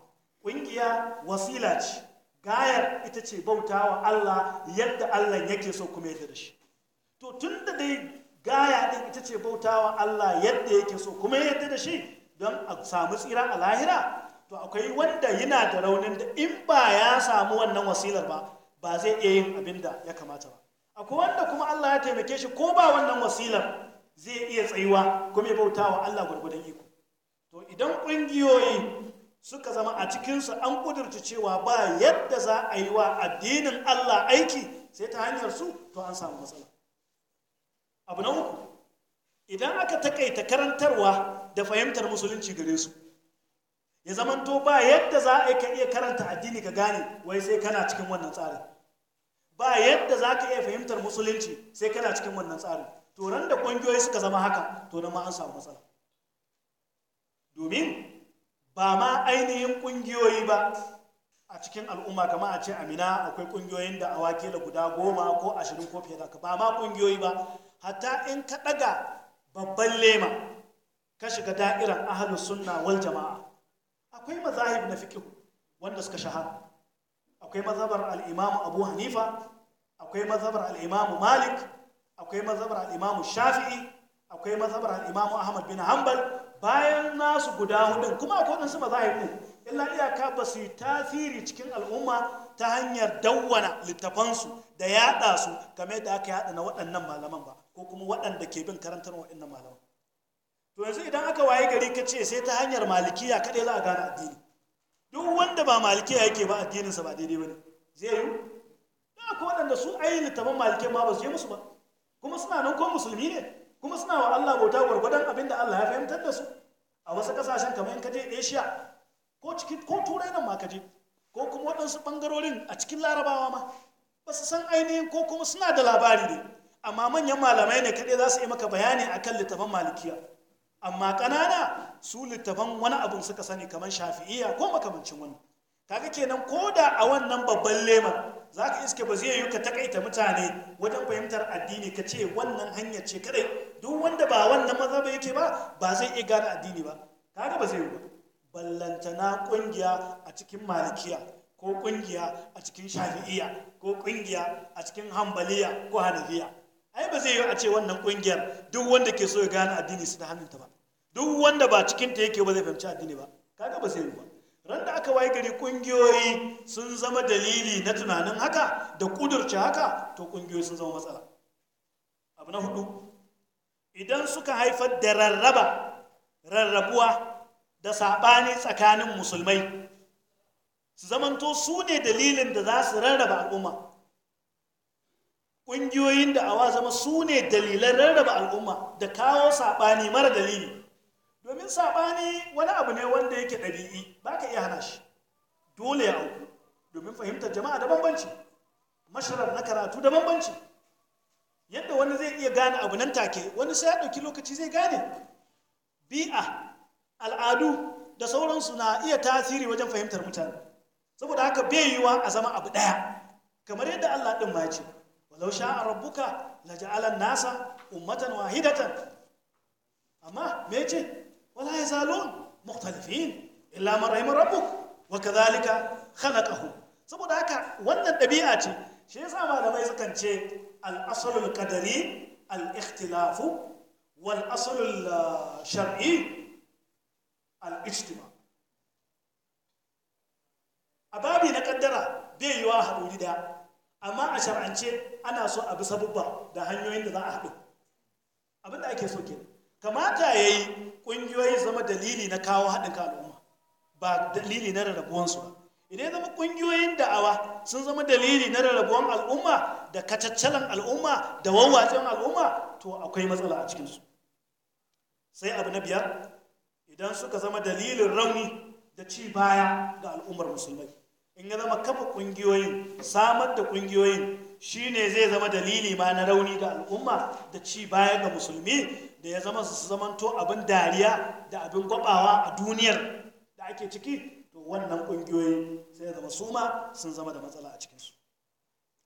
ƙungiya wasila ce gayar ita ce bautawa Allah yadda Allah yake so kuma yadda da shi to tun dai gaya din ita ce bautawa Allah yadda yake so kuma yadda da shi don a samu tsira a lahira to akwai wanda yana da raunin da in ba ya samu wannan wasilar ba ba zai iya yin abin da ya kamata ba akwai wanda kuma Allah ya taimake shi ko ba wannan wasilar zai iya tsayuwa kuma ya bautawa Allah gwargwadon iko to idan ƙungiyoyi suka zama a cikinsu an ƙudurta cewa ba yadda za a yi wa addinin Allah aiki sai ta hanyar su to an samu matsala abu na uku idan aka takaita karantarwa da fahimtar musulunci gare su ya zamanto ba yadda za a iya karanta addini ka gane wai sai kana cikin wannan tsarin ba yadda za ka iya fahimtar musulunci sai kana cikin wannan tsarin to ran da ƙungiyoyi suka zama haka to nan ma an samu matsala domin ba ma ainihin ƙungiyoyi ba a cikin al'umma kama a ce amina akwai ƙungiyoyin da awaki da guda goma ko ashirin ko fiye da ka, ba ma ƙungiyoyi ba hatta in ka ɗaga babban lema ka shiga da'iran ahlus sunna wal jama'a akwai mazahib na wanda suka shahara akwai mazhabar al'imamu abu hanifa akwai mazhabar al'imamu malik akwai mazhabar al'imamu shafi'i akwai mazhabar al'imamu ahmad bin hanbal bayan nasu guda hudun kuma akwai waɗansu mazahibu illa iyaka ba su yi tasiri cikin al'umma ta hanyar dawwana littafansu da yaɗa su game da aka yaɗa na waɗannan malaman ba ko kuma waɗanda ke bin karantar waɗannan malaman to yanzu idan aka waye gari ka ce sai ta hanyar malikiya kaɗai za a gane addini duk wanda ba malikiya yake ba addininsa ba daidai ba ne zai yi da ko waɗanda su ta littafin malikiya ma ba su je musu ba kuma suna nan ko musulmi ne kuma suna wa Allah bauta gwargwadon abin da Allah ya fahimtar da su a wasu kasashen kamar in ka je Asia ko cikin ko turai nan ma ka je ko kuma waɗansu ɓangarorin a cikin larabawa ma ba su san ainihin ko kuma suna da labari ne amma manyan malamai ne kaɗai za su yi maka bayani akan littafan malikiya amma ƙanana su littafan wani abun suka sani kamar shafi'iya ko makamancin wani kaga kenan ko da a wannan babban leman za ka iske ba zai yi ka takaita mutane wajen fahimtar addini ka ce wannan hanyar ce kadai duk wanda ba wannan mazhaba yake ba ba zai iya gane addini ba kaga ba zai yi ba ballantana kungiya a cikin malikiya ko kungiya a cikin shafi'iya ko kungiya a cikin hambaliya ko hanafiya ai ba zai yi a ce wannan kungiyar duk wanda ke so ya gane addini su ta hannunta ba duk wanda ba cikin ta yake ba zai fahimci addini ba kaga ba zai yi ba ran da aka waye gari kungiyoyi sun zama dalili na tunanin haka da kudurci haka to kungiyoyi sun zama matsala abu na hudu idan suka haifar da rarraba rarrabuwa da saɓani tsakanin musulmai su zamanto su ne dalilin da za su rarraba al'umma ƙungiyoyin da awa zama su ne dalilan rarraba al'umma da kawo saɓani mara dalili domin saɓani wani abu ne wanda yake ɗabi'i ba ka iya hana shi dole ya auku domin fahimtar jama'a da bambanci masharar na karatu da bambanci yadda wani zai iya gane abu nan take wani sai ya ɗauki lokaci zai gane bi'a al'adu da sauransu na iya tasiri wajen fahimtar mutane saboda haka bai yiwuwa a zama abu ɗaya kamar yadda allah ɗin ma ce ولو شاء ربك لجعل الناس أمة واحدة أما ميجي ولا يزالون مختلفين إلا من رحم ربك وكذلك خلقه saboda haka wannan ɗabi'a ce shi yasa malamai sukan ce al-aslul qadari al-ikhtilafu wal aslul shar'i al-ijtima a babi na kaddara bai yiwa haɗu da amma a shar'ance ana so a bi sabubba da hanyoyin da za a haɗu abin da ake so ke kamata ya yi ƙungiyoyi zama dalili na kawo haɗin ka al'umma ba dalili na rarrabuwansu ba idan ya zama ƙungiyoyin da'awa sun zama dalili na rarrabuwan al'umma da kacaccalan al'umma da wawwatsen al'umma to akwai matsala a cikinsu sai abu na biyar idan suka zama dalilin rauni da ci baya ga al'ummar musulmai in ya zama kafa ƙungiyoyin samar da ƙungiyoyin shi ne zai zama dalili ma na rauni ga al'umma da ci baya ga musulmi da ya zama su zamanto abin dariya da abin gwabawa a duniyar da ake ciki to wannan ƙungiyoyi sai zama zama suma sun zama da matsala a cikinsu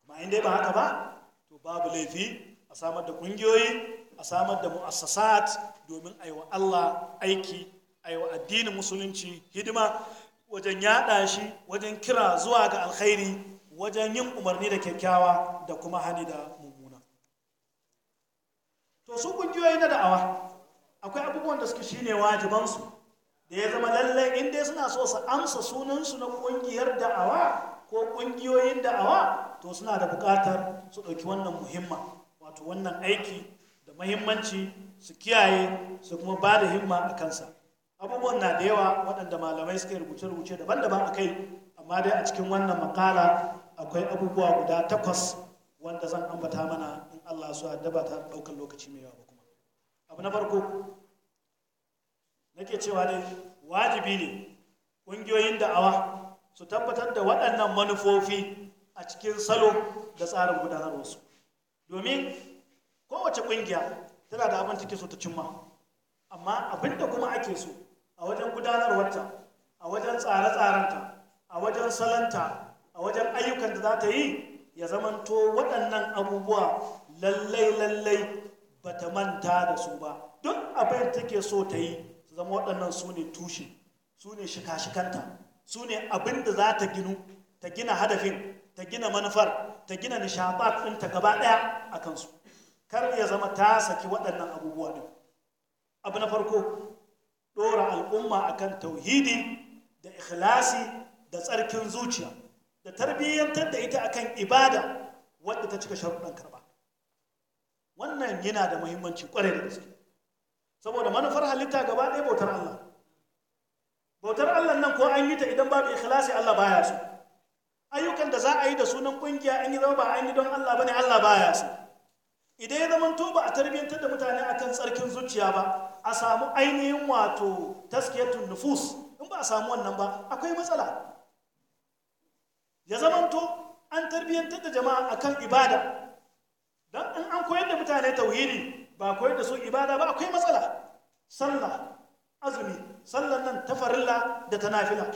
amma in dai ba haka ba to babu laifi a samar da ƙungiyoyi a samar da mu'assasat domin aiwa Allah aiki aiwa addinin musulunci hidima wajen yada shi wajen kira zuwa ga alkhairi wajen yin umarni da kyakkyawa da kuma hani da mummuna to su kungiyoyi na da'awa akwai abubuwan da suke shine wajibansu da ya zama lallai in dai suna so su amsa sunansu na kungiyar da'awa ko kungiyoyin da'awa to suna da bukatar su ɗauki wannan muhimma wato wannan aiki da mahimmanci su kiyaye su kuma ba da himma a kansa abubuwan na da yawa waɗanda malamai suka rubuce-rubuce daban-daban a kai amma dai a cikin wannan makala akwai abubuwa guda takwas wanda zan ambata mana in Allah su daba ta ɗaukar lokaci mai yawa kuma abu na farko nake cewa dai wajibi ne ƙungiyoyin da'awa su tabbatar da waɗannan manufofi a cikin salo da tsarin gudanarwarsu domin kowace ƙungiya tana da abin take so ta cimma amma abin da kuma ake so a wajen gudanarwarta a wajen tsare-tsarenta a wajen salanta a wajen ayyukan da za ta yi ya zamanto waɗannan abubuwa lallai-lallai ba ta manta da su ba duk abin da take so ta yi su zama waɗannan su ne tushe su ne shika-shikanta su ne abin da za ta ginu ta gina hadafin ta gina manufar ta gina nishabat ɗinta gaba ɗaya a kansu kar ya zama ta saki waɗannan abubuwa ne. abu na farko ɗora al'umma akan tauhidi da ikhlasi da tsarkin zuciya da tarbiyyantar da ita akan ibada wadda ta cika sharuɗan karɓa wannan yana da muhimmanci ƙwarai da gaske saboda manufar halitta gaba ɗaya bautar Allah bautar Allah nan ko an yi ta idan babu ikhlasi Allah baya su. ayyukan da za a yi da sunan ƙungiya an yi zama ba an yi don Allah ne Allah baya su. idan ya zama to ba a tarbiyyantar da mutane akan tsarkin zuciya ba a samu ainihin wato taskiyatun nufus in ba a samu wannan ba akwai matsala ya zamanto an tarbiyyantar da jama'a akan ibada don in an koyar da mutane tauhidi ba koyar da su ibada ba akwai matsala sallah azumi sallan nan ta farilla da ta nafila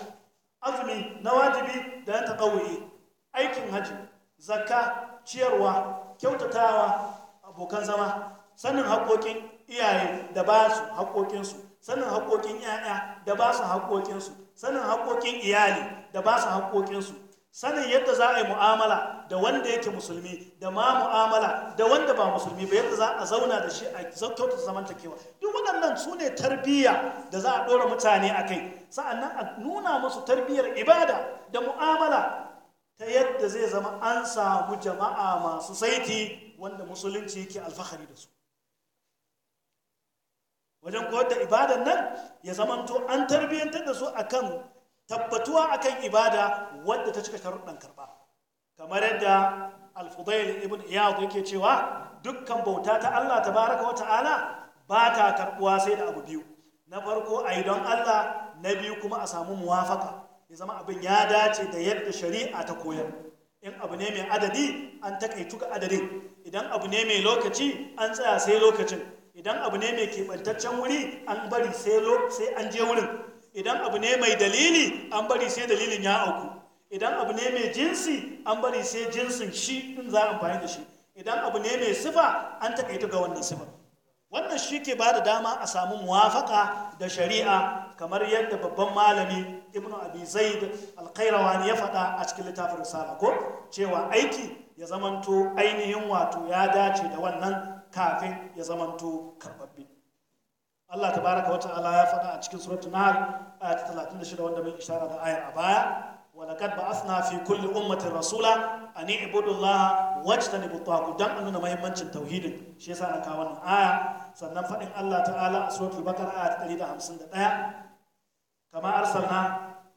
azumi na wajibi da na taƙawuyi aikin haji zakka ciyarwa kyautatawa abokan zama sanin haƙoƙin iyaye da ba su haƙoƙinsu sanin haƙoƙin 'ya'ya da ba su haƙoƙinsu sanin haƙoƙin iyali da ba su haƙoƙinsu sanin yadda za a yi mu'amala da wanda yake musulmi da ma mu'amala da wanda ba musulmi ba yadda za a zauna da shi a kyautata zamantakewa duk waɗannan su ne tarbiyya da za a ɗora mutane a kai sa'annan a nuna musu tarbiyyar ibada da mu'amala ta yadda zai zama an samu jama'a masu saiti wanda musulunci yake alfahari da su wajen koyar da ibadan nan ya zamanto an tarbiyyantar da su akan tabbatuwa akan ibada wadda ta cika sharuɗan karɓa kamar yadda al-fudail ibn iyad yake cewa dukkan bauta ta Allah tabaraka wa ta'ala ba ta karɓuwa sai da abu biyu na farko a yi don Allah na biyu kuma a samu muwafaka ya zama abin ya dace da yadda shari'a ta koyar in abu ne mai adadi an takaitu ga adadin idan abu ne mai lokaci an tsaya sai lokacin idan abu ne mai keɓantaccen wuri an bari sai an je wurin idan abu ne mai dalili an bari sai dalilin ya auku idan abu ne mai jinsi an bari sai jinsin shi in za a amfani da shi idan abu ne mai sifa an taƙaita ga wannan sifa wannan shi ke ba da dama a samu muwafaka da shari'a kamar yadda babban malami ibn abi zaid ne ya faɗa a cikin littafin risala ko cewa aiki ya zamanto ainihin wato ya dace da wannan kafin ya zamanto karbabbe Allah ta baraka wa ala ya faɗa a cikin suratul nahl aya ta 36 wanda mun isharar da ayar a baya wa laqad ba'athna fi kulli ummatin rasula an i'budu Allah wajtanibu at-taghut dan nuna muhimmancin tauhidin shi yasa aka kawo wannan aya sannan faɗin Allah ta'ala a suratul baqara aya ta 151 kama arsalna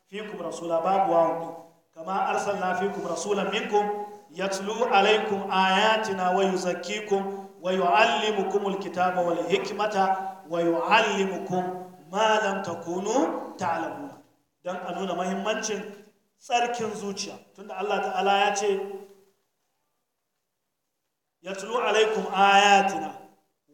fikum rasula babu wawun kama arsalna fikum rasulan minkum yatlu alaikum ayatina wa yuzakkikum wa yu'allimukumul kitaba wal hikmata wa yu'allimukum ma dan a nuna mahimmancin tsarkin zuciya tunda Allah ta'ala ya ce yatlu alaikum ayatina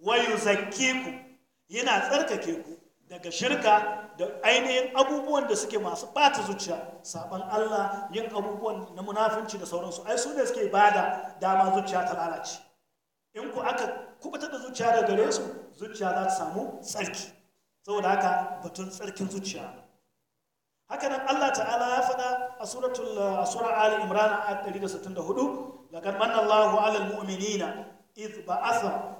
wa yuzakkikum yana tsarkake ku daga shirka da ainihin abubuwan da suke masu bata zuciya saban Allah yin abubuwan na munafunci da sauransu ai su ne suke bada dama zuciya ta lalace in ku aka kubutar da zuciya daga gare su zuciya za ta samu tsarki saboda haka batun tsarkin zuciya haka nan Allah ta'ala ya faɗa a suratul a sura Ali Imran a 164 laqad manna Allahu 'alal mu'minina idh ba'atha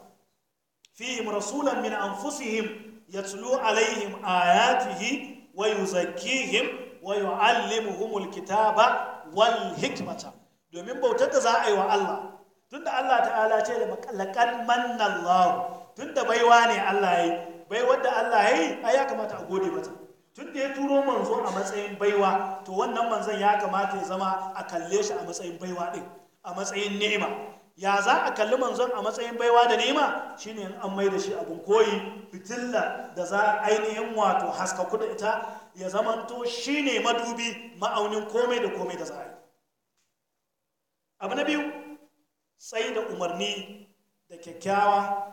fihim rasulan min anfusihim yatlu 'alayhim ayatihi wa yuzakkihim wa yu'allimuhumul kitaba wal hikmata domin bautar da za a yi wa Allah tunda Allah ta'ala ce da makalakan manna tun tunda baiwa ne Allah yi bai wadda Allah yi a ya kamata a gode mata tunda ya turo manzo a matsayin baiwa to wannan manzon ya kamata ya zama a kalle shi a matsayin baiwa din a matsayin ni'ima ya za a kalli manzon a matsayin baiwa da ni'ima shine in an mai da shi abun koyi fitilla da za ainihin wato haska kuɗa ita ya zamanto shine madubi ma'aunin komai da komai da za a yi abu na biyu sai da umarni da kyakkyawa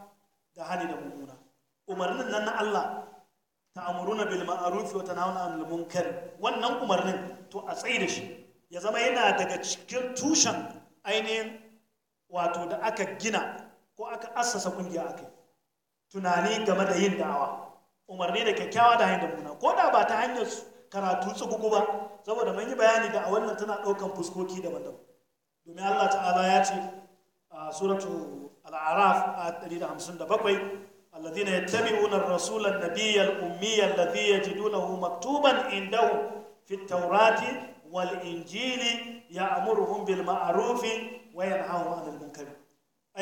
da hali da mummuna umarnin nan na Allah ta'amuruna bil ma'ruf wa tanhauna 'anil munkar wannan umarnin to a tsayi da shi ya zama yana daga cikin tushen ainihin wato da aka gina ko aka assasa kungiya akai tunani game da yin da'awa umarni da kyakkyawa da hanyar mummuna ko da ba ta hanyar karatu tsugugu ba saboda mun yi bayani da a wannan tana ɗaukan fuskoki daban-daban domin Allah ta'ala ya ce A suratu al'araf a 157 alladhina yattabi'una ar-rasula an-nabiyya al-ummiyya alladhi yajidunahu maktuban indahum fi at-taurati wal-injili ya'muruhum bil ma'rufi wa yanhahum 'anil munkar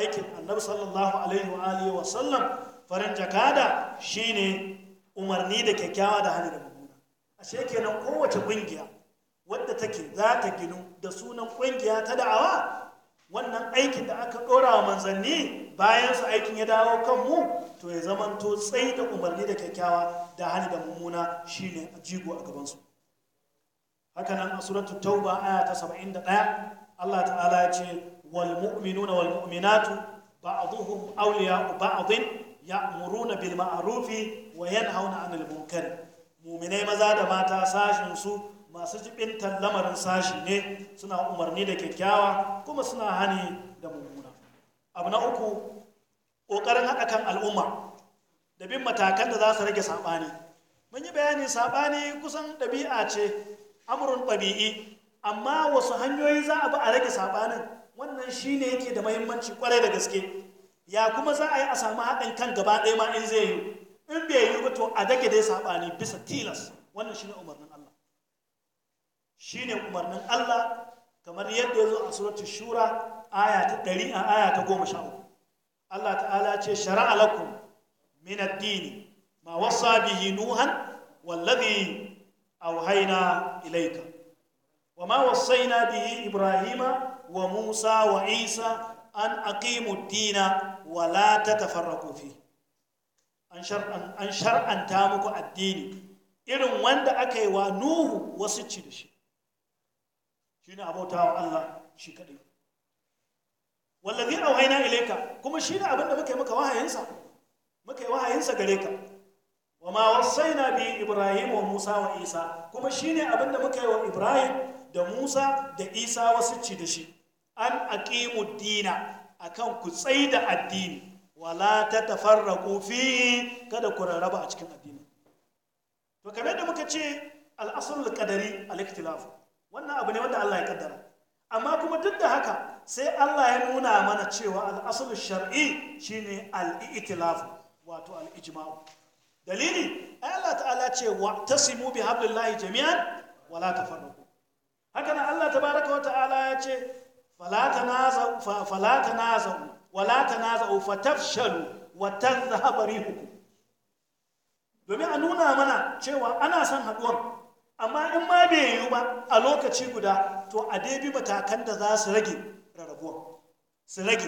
aikin annabi sallallahu alaihi wa sallam farin jakada shine umarni da kyakkyawa da hali da mummuna ashe kenan kowace kungiya wadda take za ta ginu da sunan kungiya ta da'awa wannan aikin da aka ɗora wa manzanni bayan su aikin ya dawo kan mu to ya zamanto tsayi da umarni da kyakkyawa da hali da mummuna shine jigo a gabansu haka nan a suratul tauba aya ta 71 Allah ta'ala ya ce wal mu'minuna wal mu'minatu ba'dhuhum awliya'u ba'dhin ya'muruna bil ma'rufi wa yanhauna 'anil munkar mu'minai maza da mata sashin su masu jibintan lamarin sashi ne suna umarni da kyakkyawa kuma suna hani da mummuna abu na uku ƙoƙarin haɗa kan al'umma da bin matakan da za su rage saɓani mun yi bayani saɓani kusan ɗabi'a ce amurin ɗabi'i amma wasu hanyoyi za a bi a rage saɓanin wannan shi ne yake da mahimmanci kwarai da gaske ya kuma za a yi a samu haɗin kan gaba ɗaya ma in zai yi in bai yi ba to a dage dai saɓani bisa tilas wannan shi ne umarnin shine umarnin Allah kamar yadda ya zo a suratul shura aya ta ɗari a aya ta goma sha uku Allah ta'ala ce shara'a lakum min dini ma wasa bihi nuhan wallazi awhayna ilayka wa ma wasaina bihi ibrahima wa musa wa isa an aqimu ad-dina wa la tatafarraqu fi an shar'an an shar'anta muku addini irin wanda aka yi wa nuhu wasu ci da shi shine abautawa Allah shi kadai wallazi auhayna ileka? kuma shi ne abinda muka yi wahayinsa muka yi wahayinsa gare ka wa ma na bi ibrahim wa musa wa isa kuma shine ne abinda muka yi wa ibrahim da musa da isa wasu ci da shi an aqimu dina akan ku da addini wala ta tafarra kofi. kada ku rarraba a cikin addini to kamar da muka ce al kadari qadari al-ikhtilaf wannan abu ne wanda Allah ya kaddara amma kuma duk da haka sai Allah ya nuna mana cewa al'asulu shar'i shine al'itilafu wato al'ijma'u dalili ai Allah ta'ala ce wa tasimu bi hablillahi jami'an wala tafarraqu haka nan Allah tabaraka wa ta'ala ya ce fala tanazu fala tanazu wala tanazu fatafshalu wa tadhhabu rihukum domin a nuna mana cewa ana son haduwan amma in ma bai yiwu ba a lokaci guda to a dai bi matakan da za su rage rarrabuwa su rage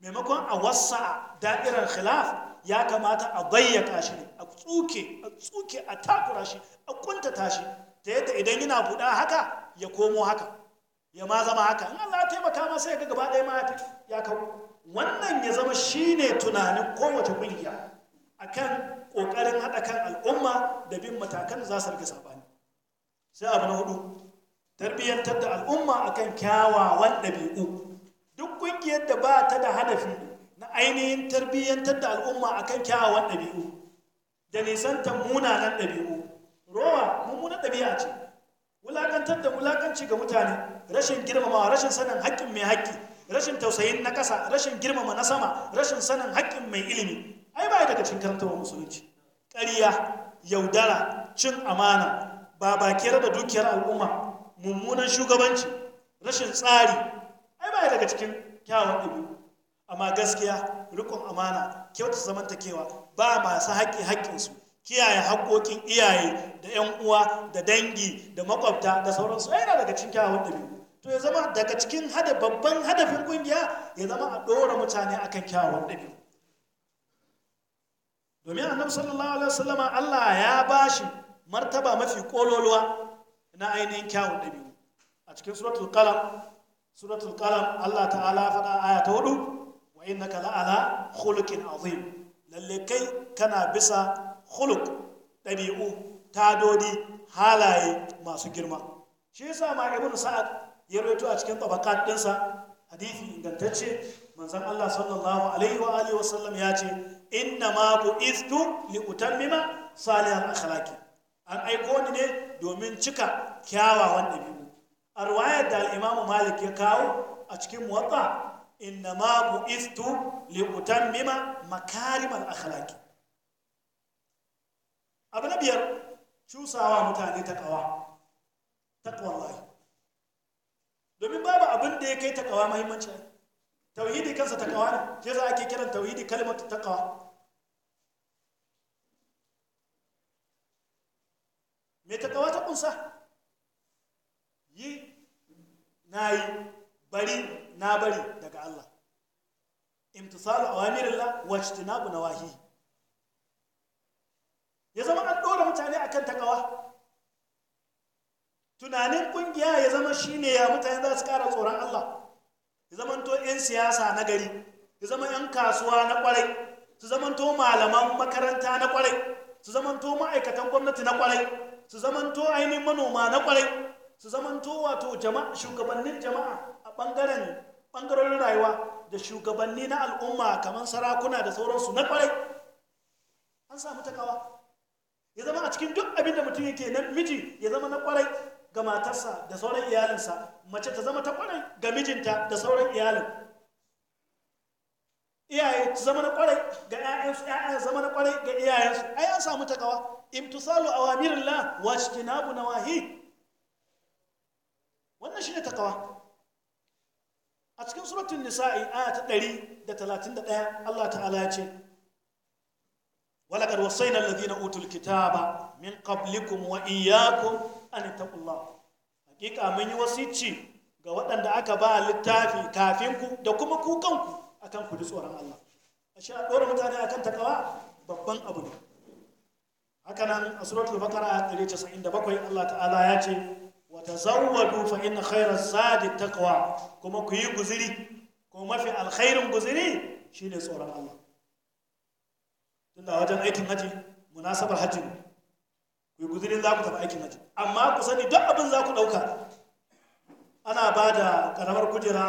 maimakon a wasa da'irar khilaf ya kamata a bayyaka shi ne a tsuke a tsuke a takura shi a kuntata shi ta yadda idan yana buɗa haka ya komo haka ya ma zama haka in Allah taimaka masa ya ga gaba ɗaya ma ya kawo wannan ya zama shine tunanin kowace ƙungiya akan ƙoƙarin haɗa kan al'umma da bin matakan da za su rage sabani sai abu na hudu tarbiyyantar da al'umma akan kyawawan ɗabi'u duk ƙungiyar da ba ta da hadafi na ainihin tarbiyyantar da al'umma akan kyawawan ɗabi'u da nisanta munanan ɗabi'u rowa mummuna ɗabi'a ce wulakantar da wulakanci ga mutane rashin girmamawa rashin sanin haƙƙin mai haƙƙi rashin tausayin na ƙasa rashin girmama na sama rashin sanin haƙƙin mai ilimi ai ba daga cikin karantarwar musulunci ƙarya yaudara cin amana ba bakiyar da dukiyar al'umma mummunan shugabanci rashin tsari ai ba daga cikin kyawun ɗabi'u amma gaskiya rikon amana kyauta zamantakewa ba masu haƙƙi haƙƙinsu kiyaye haƙƙoƙin iyaye da 'yan uwa da dangi da makwabta da sauransu ai daga cikin kyawun ɗabi'u to ya zama daga cikin hada babban hadafin ƙungiya ya zama a ɗora mutane akan kyawun ɗabi'u domin annabi sallallahu alaihi wasallama Allah ya bashi martaba mafi kololuwa na ainihin kyawun ɗabi'u a cikin suratul qalam suratul qalam Allah ta'ala faɗa aya ta hudu wa innaka la'ala khuluqin azim lalle kai kana bisa khuluq ɗabi'u tadodi halaye masu girma shi yasa ma ibnu sa'ad ya rawaito a cikin tabaqat ɗinsa hadisi ingantacce manzon Allah sallallahu alaihi wa alihi wa sallam ya ce innama ma bu'istu li utammima salihal akhlaqi an aiko ni ne domin cika kyawawan ɗabi'u a ruwayar da al'imamu malik ya kawo a cikin muwatta inna ma bu'istu li utammima makarimal akhlaqi abu na biyar cusawa mutane takawa takwallahi domin babu abin da ya kai takawa muhimmanci tauhidi kansa takawa ne ke za ake kiran tauhidi kalmar takawa me ta kawo ta kunsa yi na yi bari na bari daga Allah imtisalu awamirillah wa na nawahi ya zama an dora mutane akan takawa tunanin ƙungiya ya zama shine ya mutane za su kara tsoron Allah ya zama to 'yan siyasa na gari ya zama 'yan kasuwa na kwarai su zama to malaman makaranta na kwarai su zama to ma'aikatan gwamnati na kwarai su zamanto ainihin manoma na kwarai su zamanto wato jama'a shugabannin jama'a a ɓangaren ɓangarorin rayuwa da shugabanni na al'umma kamar sarakuna da sauransu na kwarai an samu takawa ya zama a cikin duk abin da mutum yake na miji ya zama na kwarai ga matarsa da sauran iyalinsa mace ta zama ta kwarai ga mijinta da sauran iyalin iyaye zama na kwarai ga ƴaƴansu ƴaƴa zama na kwarai ga iyayensu ai an samu takawa imtisalu awamirillah wa ijtinabu nawahi wannan shine takawa a cikin suratul nisa'i aya ta 131 Allah ta'ala ya ce ولقد وصينا الذين اوتوا الكتاب من قبلكم واياكم ان اتقوا الله حقيقه mun yi wasici ga waɗanda aka ba littafi kafinku da kuma ku kanku akan ku ji tsoron Allah ashe a ɗora mutane akan takawa babban abu ne haka nan a suratul bakara 197 Allah ta'ala ya ce wata tazawwadu fa inna khayra zadi takawa kuma ku yi guziri ko mafi alkhairin guziri shine tsoron Allah tunda wajen aikin haji munasabar haji ku yi guzirin za ku tafi aikin haji amma ku sani duk abin za ku ɗauka ana ba da ƙaramar kujera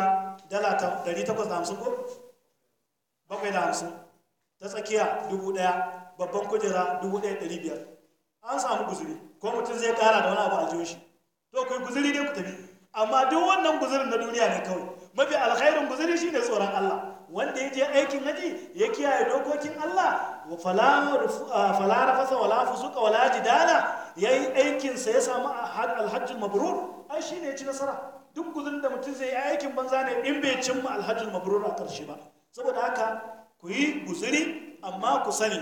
dala 850 ko bakwai da hamsin ta tsakiya dubu ɗaya babban kujera dubu ɗaya ɗari biyar an samu guzuri ko mutum zai ƙara da wani abu a jiyo shi to kai guzuri dai ku tafi amma duk wannan guzurin na duniya ne kawai mafi alkhairin guzuri shine tsoron Allah wanda ya je aikin haji ya kiyaye dokokin Allah wa fala rafasa wala fusuka wala jidala yi aikin sa ya samu alhajjul mabrur ai shine ya ci nasara duk guzurin da mutum zai yi aikin banza ne in bai cimma alhajjul mabrur a ƙarshe ba saboda haka ku yi guziri amma ku sani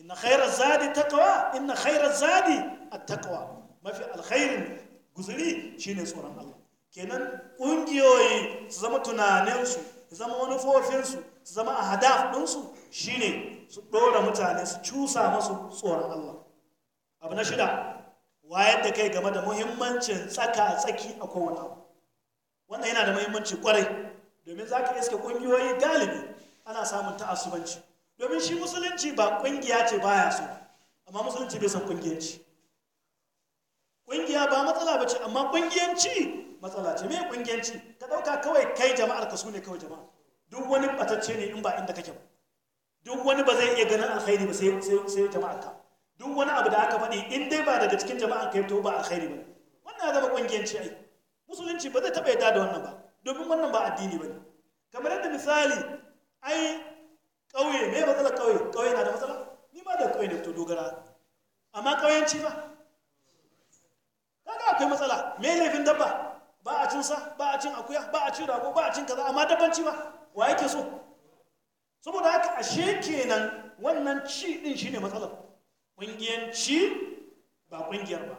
inna khairar zadi taqwa inna khairar zadi at-taqwa mafi alkhairin guziri shine tsoron Allah kenan ƙungiyoyi su zama tunaninsu su zama manufofinsu su zama ahadaf ɗinsu shine su ɗora mutane su cusa masu tsoron Allah abu na shida wayar da kai game da muhimmancin tsaka tsaki a kowane abu wannan yana da muhimmanci kwarai domin za ka iske kungiyoyi galibi ana samun ta'asubanci domin shi musulunci ba kungiya ce baya so amma musulunci bai san kungiyanci. Kungiya ba matsala ba ce amma kungiyanci matsala ce mai Kungiyanci? ka ɗauka kawai kai jama'ar ka su ne kawai jama'a duk wani batacce ne in ba inda kake ba duk wani ba zai iya ganin alkhairi ba sai jama'ar ka duk wani abu da aka faɗi in dai ba daga cikin jama'ar ka ya fito ba alkhairi ba wannan ya zama kungiyanci ai musulunci ba zai taɓa yadda da wannan ba domin wannan ba addini ba ne kamar yadda misali ai ƙauye mai matsala ƙauye ƙauye na da matsala ni ma da ƙauye ne to dogara amma ƙauyenci ba kaga akwai matsala mai laifin dabba ba a cin sa ba a cin akuya ba a cin rago ba a cin kaza amma dabbanci ba wa yake so saboda haka ashe kenan wannan ci din shine matsalar ƙungiyanci ba ƙungiyar ba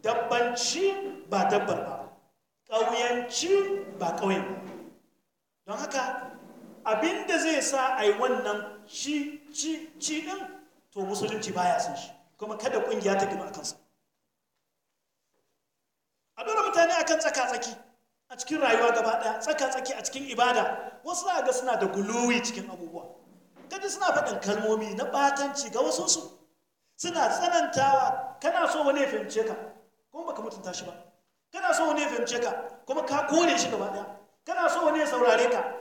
dabbanci ba dabbar ba ƙauyanci ba ƙauye don haka abin da zai sa a yi wannan ci ci ci ɗin to musulunci baya son shi kuma kada ƙungiya ta gina a kansa a ɗora mutane akan tsaka-tsaki a cikin rayuwa gaba ɗaya tsaka-tsaki a cikin ibada wasu za a ga suna da guluwi cikin abubuwa kada suna faɗin kalmomi na ɓatanci ga wasu su suna tsanantawa kana so wani ya fahimce ka kuma baka mutunta shi ba kana so wani ya fahimce ka kuma ka kone shi gaba daya kana so wani ya saurare ka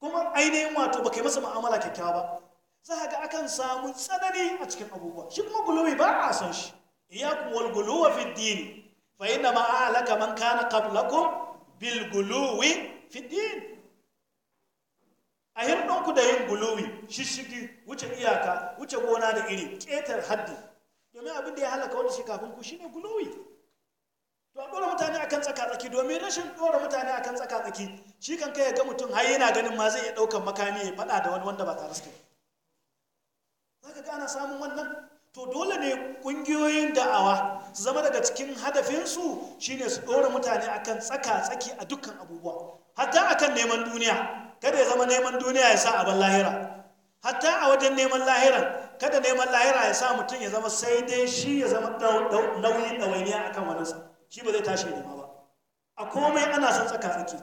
kuma ainihin wato baka yi masa ma'amala kyakkyawa ba za ka ga akan samun tsanani a cikin abubuwa shi kuma gulowi ba a san shi iyakum wal guluwa fi fa inna ma alaka man kana qablakum bil gulowi fi din a hirɗinku da yin guluwi shishigi wuce iyaka wuce gona da iri ƙetar haddi domin abin da ya halaka wani shi kafin ku shine gulowi? to mutane akan tsaka-tsaki domin rashin dora mutane akan tsaka-tsaki shi kan kai ga mutum har yana ganin ma zai iya ɗaukan makami ya faɗa da wani wanda ba tare suke za ka gana samun wannan to dole ne ƙungiyoyin da'awa su zama daga cikin hadafinsu shine su dora mutane akan tsaka-tsaki a dukkan abubuwa hatta akan neman duniya kada ya zama neman duniya ya sa abin lahira hatta a wajen neman lahiran kada neman lahira ya sa mutum ya zama sai dai shi ya zama nauyin ɗawainiya akan sa shi ba zai tashi nema ba a komai ana son tsaka-tsaki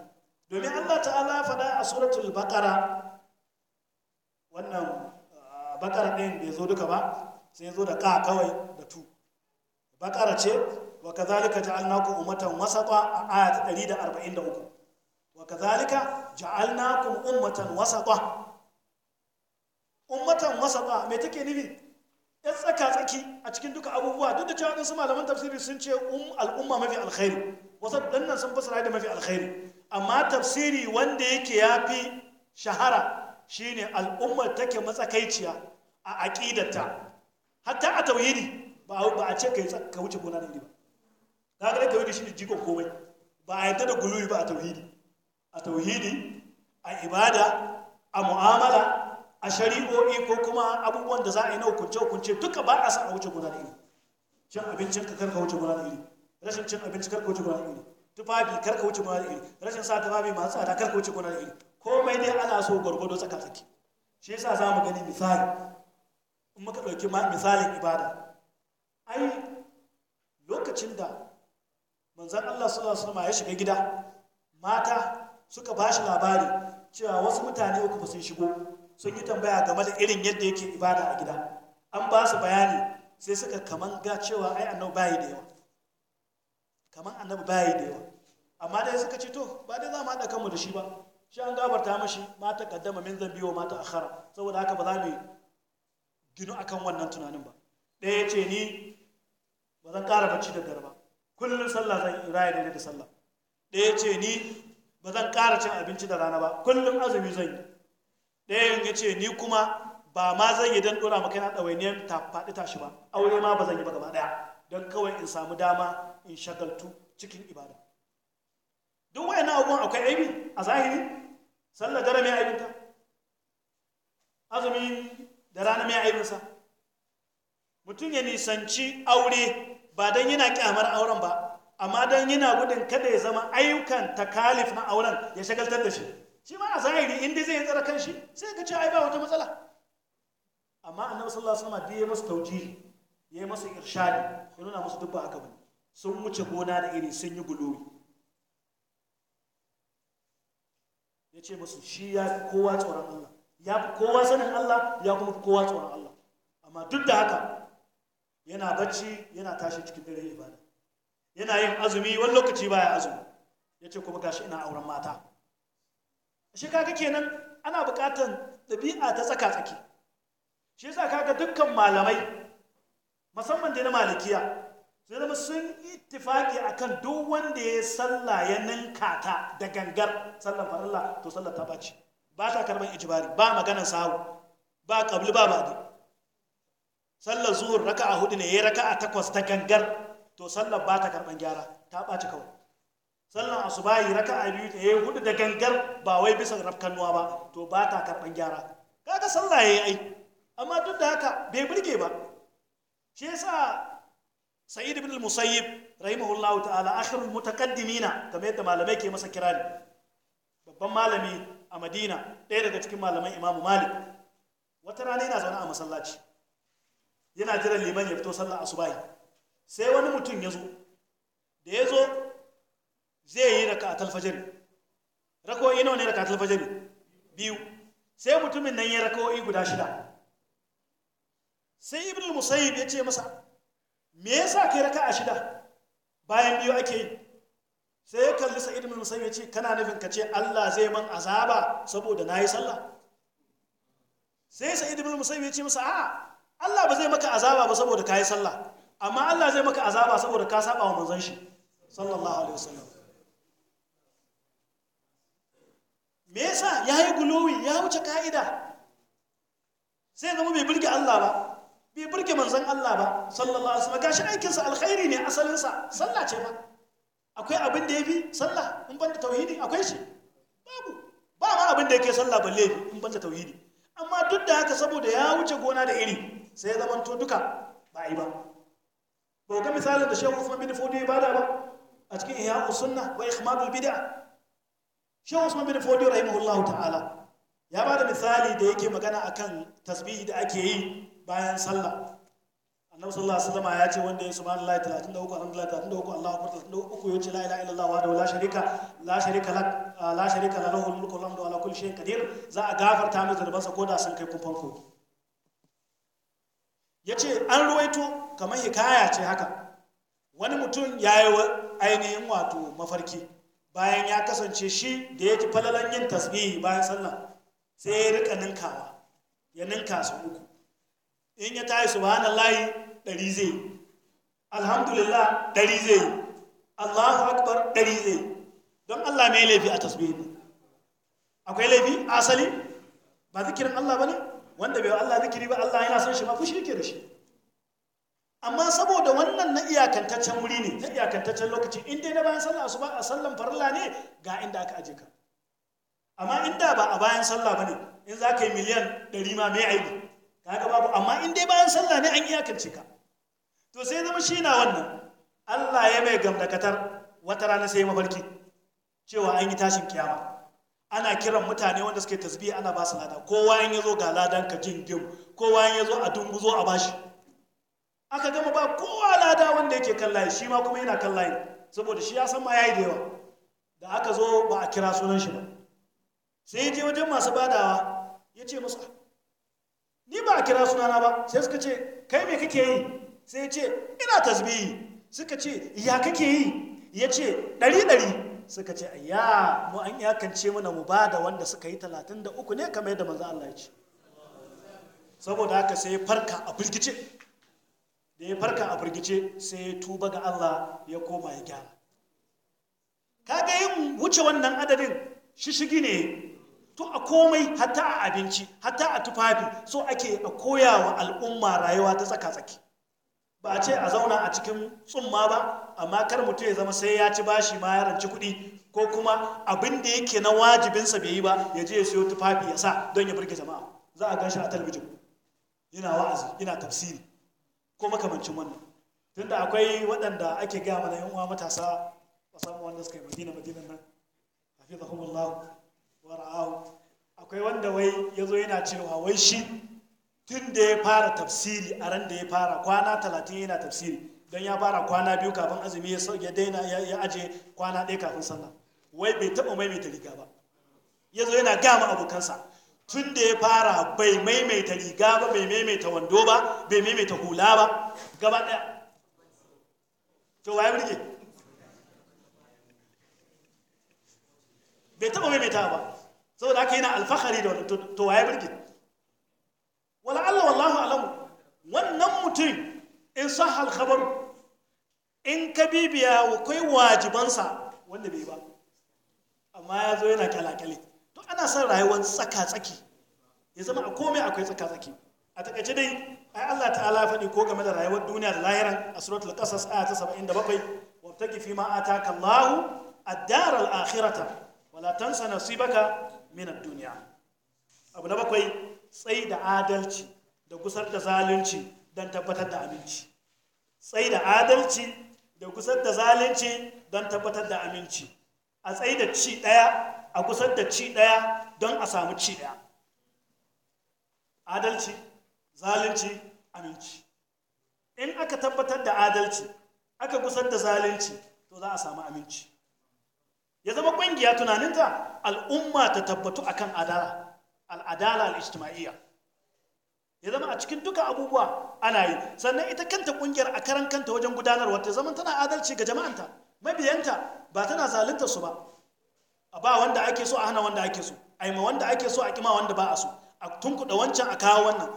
domin allah ta'ala faɗa a suratul baqara wannan ah, baqara ɗin bai zo duka ba sai zo da ka kawai da tu baqara ce wa kazalika ja'alnakum ummatan wasata a ayat 143 wa kazalika ja'alnakum ummatan wasata ummatan wasata me take nufi yan tsaka tsaki a cikin duka abubuwa duk da cewa su malaman tafsiri sun ce um, al'umma mafi alkhairi wasu dannan sun fassara da mafi alkhairi amma tafsiri wanda yake ya fi shahara shine al'ummar take matsakaiciya a aƙidata hatta a tauhidi ba a ce ka wuce gona da iri ba ka ga tauhidi shine jikon komai ba a yadda da guluwi ba a tauhidi a tauhidi a ibada a mu'amala a shari'o'i ko kuma abubuwan da za a yi na hukunce-hukunce duka ba a san a wuce guda da iri cin abincin ka karka wuce guda da iri rashin cin abinci karka wuce guda da iri tufafi karka wuce guda da iri rashin sa tufafi masu tsada karka wuce guda da iri komai dai ana so gwargwado tsaka-tsaki. shi yasa za mu gani misali in muka ɗauki misalin ibada ai lokacin da manzan Allah su zasu ma ya shiga gida mata suka ba shi labari cewa wasu mutane uku ba sun shigo sun yi tambaya game da irin yadda yake ibada a gida an ba su bayani sai suka kaman ga cewa ai annabi bayi da yawa kaman annabi bayi da yawa amma dai suka ce to ba dai za mu haɗa kanmu da shi ba shi an gabarta mashi mata kaddama min zambi wa mata akhara saboda haka ba za mu ginu akan wannan tunanin ba ɗaya ya ce ni ba zan ƙara bacci da garba kullum sallah zan yi raya da da sallah ɗaya ya ce ni ba zan ƙara cin abinci da rana ba kullum azumi zan yi ɗayan ya ce ni kuma ba ma zan yi don ɗora maka yana ɗawainiyar ta faɗi tashi ba aure ma ba zan yi ba gaba ɗaya don kawai in samu dama in shagaltu cikin ibada duk wayan abubuwan akwai aibi a zahiri sallar dare mai aibinta azumi da rana mai aibinsa mutum ya nisanci aure ba don yana kyamar auren ba amma don yana gudun kada ya zama ayyukan takalif na auren ya shagaltar da shi shi ma a zahiri inda zai tsara kan shi sai ka ce ai ba wata matsala amma annabi sallallahu alaihi wasallam ya masa taujihi ya yi masa irshadi ya nuna masa duk ba haka bane sun wuce gona da iri sun yi gulowi ya ce musu shi ya fi kowa tsoron Allah ya fi kowa sanin Allah ya kuma fi kowa tsoron Allah amma duk da haka yana bacci yana tashi cikin dare ibada yana yin azumi wani lokaci baya azumi ya ce kuma gashi ina auren mata shi kaga kenan ana buƙatar ɗabi'a ta tsaka-tsaki shi yasa kaga dukkan malamai musamman da na malikiya sai zama sun ittifaki akan duk wanda ya salla ya ninka ta da gangar sallan farilla to sallar ta bace ba ta karban ijibari ba maganar sahu ba kabli ba ba sallar zuhur raka'a hudu ne ya raka'a takwas ta gangar to sallar ba ta karban gyara ta ɓaci kawai sallan asubahi a biyu ta yayi hudu da gangar ba wai bisa rafkanuwa ba to ba ta karban gyara kaga sallah yi ai amma duk da haka bai burge ba shi sa sa'id ibn al-musayyib rahimahullahu ta'ala akhirul mutaqaddimina kamar yadda malamai ke masa kirari babban malami a madina ɗaya daga cikin malaman imamu malik wata rana yana zaune a masallaci yana jiran liman ya fito sallar asubahi sai wani mutum ya zo da ya zo zai yi raka'atul fajr rako'i nawa ne raka'atul fajr biyu sai mutumin nan ya rako'i guda shida sai ibn musayyib ya ce masa me yasa kai raka'a shida bayan biyu ake yi sai ya kalli sa'id ibn musayyib ya ce kana nufin ka ce Allah zai man azaba saboda na yi sallah sai sa'id ibn musayyib ya ce masa a'a Allah ba zai maka azaba ba saboda ka yi sallah amma Allah zai maka azaba saboda ka saba wa manzon shi sallallahu alaihi wasallam me yasa ya yi guluwi ya wuce ka'ida sai zama bai birge Allah ba bai burge manzon Allah ba sallallahu alaihi wasallam gashi aikinsa alkhairi ne asalinsa sallah ce ba akwai abin da ya fi sallah in banda tauhidi akwai shi babu ba ma abin da yake sallah balle in banda tauhidi amma duk da haka saboda ya wuce gona da iri sai ya zamanto duka ba a yi ba ba ga misalin da shehu Usman bin Fodi ya bada ba a cikin ihya sunna wa ikhmadul bid'a shi usman bin fodi rahimahullahu ta'ala ya ba da misali da yake magana akan tasbihi da ake yi bayan sallah annabi sallallahu alaihi wasallam ya ce wanda ya subhanallahi 33 alhamdulillah 33 Allahu akbar 33 yace la ilaha illallah wa la sharika la sharika lak ah, la sharika lahu mulku lamdu ala kulli shay'in qadir za a gafarta mai zunubansa ko da sun kai Ya yace an ruwaito kamar hikaya ce haka wani mutum ya yi ainihin wato mafarki bayan ya kasance shi da ya ji falalan yin tasbihi bayan sallah sai ya rika ninkawa ya ninka su uku in ya tayi subhanallahi ɗari zai alhamdulillah ɗari zai allahu akbar ɗari zai don allah mai laifi a tasbihi akwai laifi asali ba zikirin allah ba ne wanda bai Allah zikiri ba Allah yana son shi ma fushi yake da shi amma saboda wannan na iyakantaccen wuri ne na iyakantaccen lokaci in dai na bayan sallah su ba a sallan farla ne ga inda aka aje ka amma in ba a bayan sallah ba ne in za ka yi miliyan ɗari ma mai aibi kaga babu amma in dai bayan sallah ne an iyakance ka to sai zama shi na wannan Allah ya mai gamdakatar wata rana sai mafarki cewa an yi tashin kiyama ana kiran mutane wanda suke tasbihi ana ba su lada kowa in ya ga ladan ka jin gim kowa in ya a dunguzo a bashi aka gama ba kowa lada wanda yake kan layi shi ma kuma yana kan layi saboda shi ya san ma yayi da yawa da aka zo ba a kira sunan shi ba sai je wajen masu badawa ya ce musu ni ba a kira sunana ba sai suka ce kai me kake yi sai ya ce ina tasbihi suka ce ya kake yi ya ce ɗari ɗari suka ce ayya mu an yakance mana mu ba da wanda suka yi talatin da uku ne kamar yadda manzo Allah ya ce saboda haka sai farka a firgice da ya farka a firgice sai ya tuba ga Allah ya koma ya gyara ka kaga yin wuce wannan adadin shishigi ne to a komai hatta a abinci hatta a tufafi so ake a koya wa al'umma rayuwa ta tsaka-tsaki ba a ce a zauna a cikin tsumma ba amma kar mutum ya zama sai ya ci bashi ma ya ranci kuɗi ko kuma abin da yake na wajibinsa bai yi ba ya je ya siyo tufafi ya sa don ya burge jama'a za a gan shi a talabijin yana wa'azi yana tafsiri ko makamancin wannan tunda akwai waɗanda ake gaya mana yan uwa matasa samu wanda suka yi madina madina nan hafizahumullah wa ra'ahu akwai wanda wai ya zo yana cewa wai shi tun da ya fara tafsiri a ran da ya fara kwana talatin yana tafsiri don ya fara kwana biyu kafin azumi ya daina ya aje kwana ɗaya kafin sallah wai bai taɓa mai mai riga ba ya zo yana gama abokansa tun da ya fara bai maimaita riga ba bai maimaita wando ba bai maimaita hula ba gaba ɗaya to ya burge bai taɓa maimaita ba saboda yi na alfahari da wani to ya burge wala Allah wallahu alamu wannan mutum in sa halkabar in ka bibiya akwai wajibansa wanda bai ba amma ya zo yana kyalakyale ana son rayuwar tsaka-tsaki ya zama a komai akwai tsaka-tsaki a takaice dai ai Allah ta'ala faɗi ko game da rayuwar duniya da lahira a suratul qasas aya ta 77 wabtaki fi ma ataka Allah ad-dar al-akhirata wala tansa nasibaka min ad-dunya abu na bakwai tsai da adalci da gusar da zalunci don tabbatar da aminci tsai da adalci da gusar da zalunci don tabbatar da aminci a tsai da ci ɗaya a kusan da ci ɗaya don a samu ci ɗaya adalci zalunci aminci in aka tabbatar da adalci aka kusan da zalunci to za a samu aminci ya zama ƙungiya tunaninta al'umma ta tabbatu akan adala al'adala al'ijtima'iyya ya zama a cikin duka abubuwa ana yi sannan ita kanta ƙungiyar a karan kanta wajen gudanarwa ta zama tana adalci ga jama'anta mabiyanta ba tana zalunta su ba a ba wanda ake so a hana wanda ake so a ma wanda ake so a kima wanda ba a so a tunkuɗa wancan a kawo wannan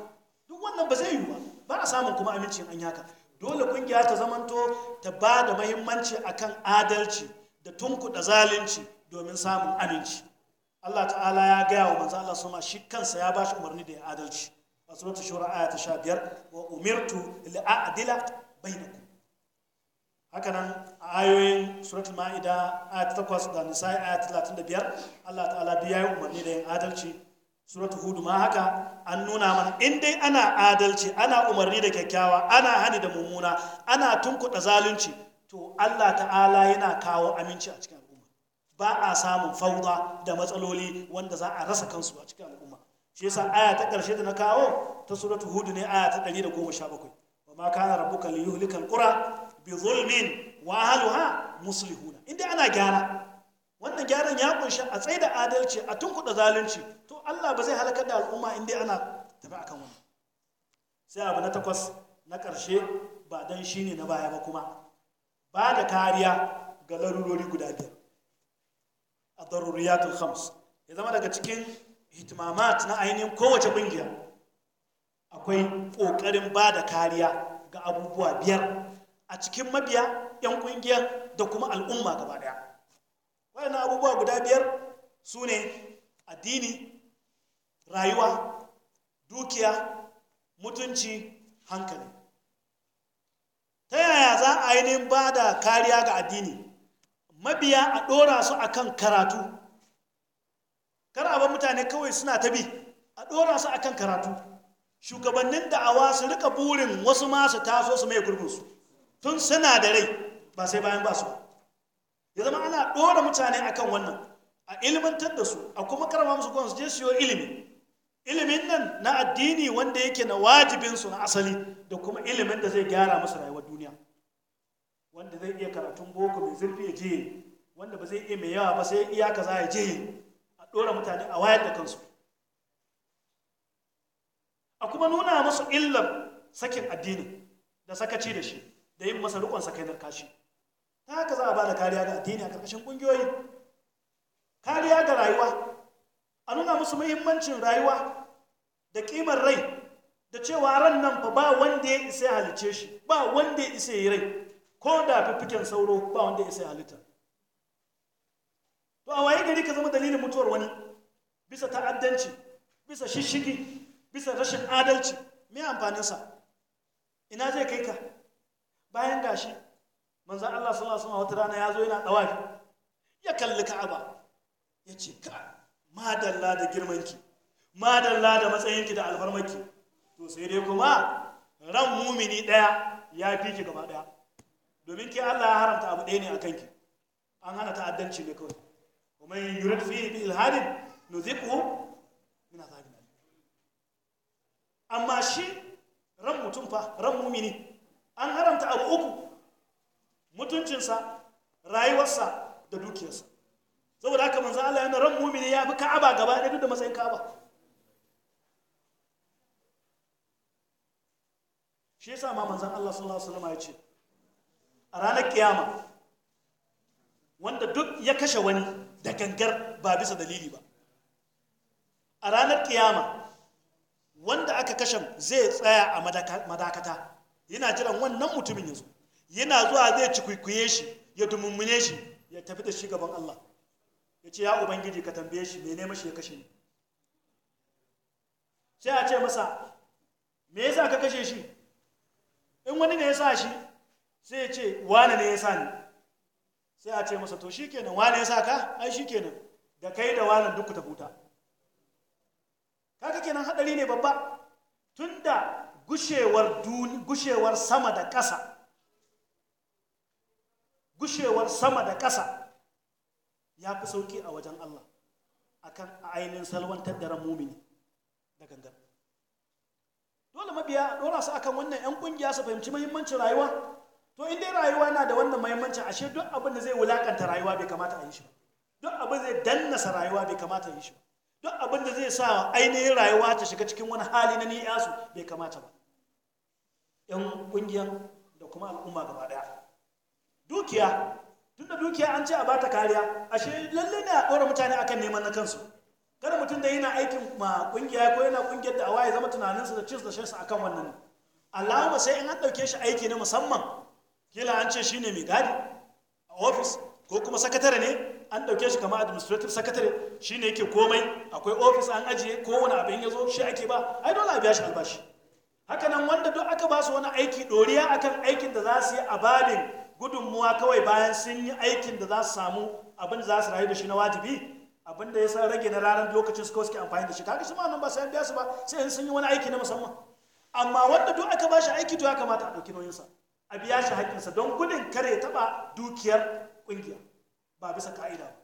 duk wannan ba zai yiwu ba ba a samun kuma amincin an yaka dole kungiya ta zamanto ta ba da mahimmanci a kan adalci da tunkuɗa zalunci domin samun aminci Allah ta'ala ya gaya wa manzo Allah suma shi kansa ya ba shi umarni da ya adalci a suratul shura aya ta 15 wa umirtu li a'dila bainakum haka nan ayoyin suratul ma'ida ayat 8 da nisa ayat 35 Allah ta'ala bi yayi umarni da yin adalci suratul hud ma haka an nuna mana in dai ana adalci ana umarni da kyakkyawa ana hani da mummuna ana tunkuɗa zalunci to Allah ta'ala yana kawo aminci a cikin al'umma ba a samun fauda da matsaloli wanda za a rasa kansu a cikin al'umma shi yasa aya ta ƙarshe da na kawo ta suratul hud ne aya ta 117 wa ma kana rabbuka liyuhlikal qura bi zulmin wa ahluha muslihuna inda ana gyara wannan gyaran ya kunshi a tsaye da adalci a tunkuɗa zalunci to Allah ba zai halakar da al'umma inda ana tafi akan wani sai abu na takwas na karshe ba dan shine na baya ba kuma ba da kariya ga larurori guda biyar a daruriyatul khams ya zama daga cikin hitimamat na ainihin kowace ƙungiya akwai kokarin ba da kariya ga abubuwa biyar a cikin mabiya 'yan ƙungiyar da kuma al'umma gaba ɗaya waɗannan abubuwa guda biyar su ne addini rayuwa dukiya mutunci hankali ta yaya za a yi ba da kariya ga addini mabiya a ɗora su akan karatu kar ba mutane kawai suna ta bi a ɗora su akan karatu shugabannin da'awa su rika burin wasu masu taso su mai gurbinsu tun suna da rai ba sai bayan ba su ya zama ana ɗora mutane akan wannan a ilmantar da su a kuma karama musu kwan su je siyo ilimi ilimin nan na addini wanda yake na wajibinsu na asali da kuma ilimin da zai gyara musu rayuwar duniya wanda zai iya karatun boko mai zurfi ya je wanda ba zai iya mai yawa ba sai iya kaza ya je a ɗora mutane a wayar da kansu a kuma nuna musu illar sakin addini da sakaci da shi da yin masa rukun sa kai kashi ta haka za a ba da kariya ga addini a karkashin kungiyoyi kariya ga rayuwa a nuna musu muhimmancin rayuwa da ƙimar rai da cewa ran nan fa ba wanda ya isa ya halice shi ba wanda ya isa ya rai ko da fifiken sauro ba wanda ya isa ya halitta to a waye gari ka zama dalilin mutuwar wani bisa ta'addanci bisa shishigi bisa rashin adalci me amfaninsa ina zai kai ka bayan gashi manzan Allah sallallahu alaihi wata rana ya zo yana dawafi ya kalli ka'aba ya ce ka madalla da girmanki madalla da matsayinki da alfarmarki to sai dai kuma ran mumini ɗaya ya fi ki gaba ɗaya domin ke Allah ya haramta abu ɗaya ne a kanki an hana ta'addanci ne kawai kuma in yurid fi bi ilhadin nuziquhu min azabin amma shi ran mutum fa ran mumini an haramta abu uku mutuncinsa rayuwarsa da dukiyarsa saboda haka manzo Allah yana ran mumini ya fi ka'aba gaba ɗaya duk da matsayin ka'aba shi yasa ma manzon Allah sallallahu alaihi wasallam ya ce a ranar kiyama wanda duk ya kashe wani da gangar ba bisa dalili ba a ranar kiyama wanda aka kashe zai tsaya a madakata yana jiran wannan mutumin yanzu. yana zuwa zai ci kwaikwaye shi ya dumummune shi ya tafi da shi gaban Allah ya ce ya ubangiji ka tambaye shi mene mashi ya kashe ni sai a ce masa me yasa ka kashe shi in wani ne ya sa shi sai ya ce wane ne ya sa ni sai a ce masa to shikenan wane ya sa ka ai shikenan da kai da wane duk ku tafuta kaka kenan hadari ne babba tunda gushewar gushewar sama da ƙasa gushewar sama da ƙasa ya fi sauƙi a wajen Allah akan a ainihin salwantar da ran mumini da gangar dole mabiya dora su akan wannan yan kungiya su fahimci muhimmancin rayuwa to in dai rayuwa na da wannan muhimmancin ashe duk abin da zai wulakanta rayuwa bai kamata a yi shi ba duk abin zai dannasa rayuwa bai kamata a yi shi ba duk abin da zai sa ainihin rayuwa ta shiga cikin wani hali na ni'yasu bai kamata ba 'yan ƙungiyar da kuma al'umma gaba ɗaya dukiya tunda dukiya an ce a bata kariya ashe lallai ne a ɗora mutane akan neman na kansu kada mutum da yana aikin ma ƙungiya ko yana ƙungiyar da awa zama tunaninsa da cins da shansa kan wannan allahumma sai in an ɗauke shi aiki na musamman kila an ce shine mai gadi a ofis ko kuma sakatare ne an ɗauke shi kama administrative secretary shine yake komai akwai ofis an ajiye kowane abin ya zo shi ake ba ai dole a biya shi albashi hakanan wanda duk aka ba su wani aiki ɗoriya akan aikin da za su yi a babin gudunmuwa kawai bayan sun yi aikin da za su samu abin da za su rayu da shi na wajibi abin da ya san rage na ranar lokacin su suke amfani da shi kaga su ma nan ba sai biya su ba sai in sun yi wani aiki na musamman amma wanda duk aka ba shi aiki to ya kamata a ɗauki nauyinsa a biya shi haƙƙinsa don gudun kare taɓa dukiyar ƙungiya ba bisa ka'ida ba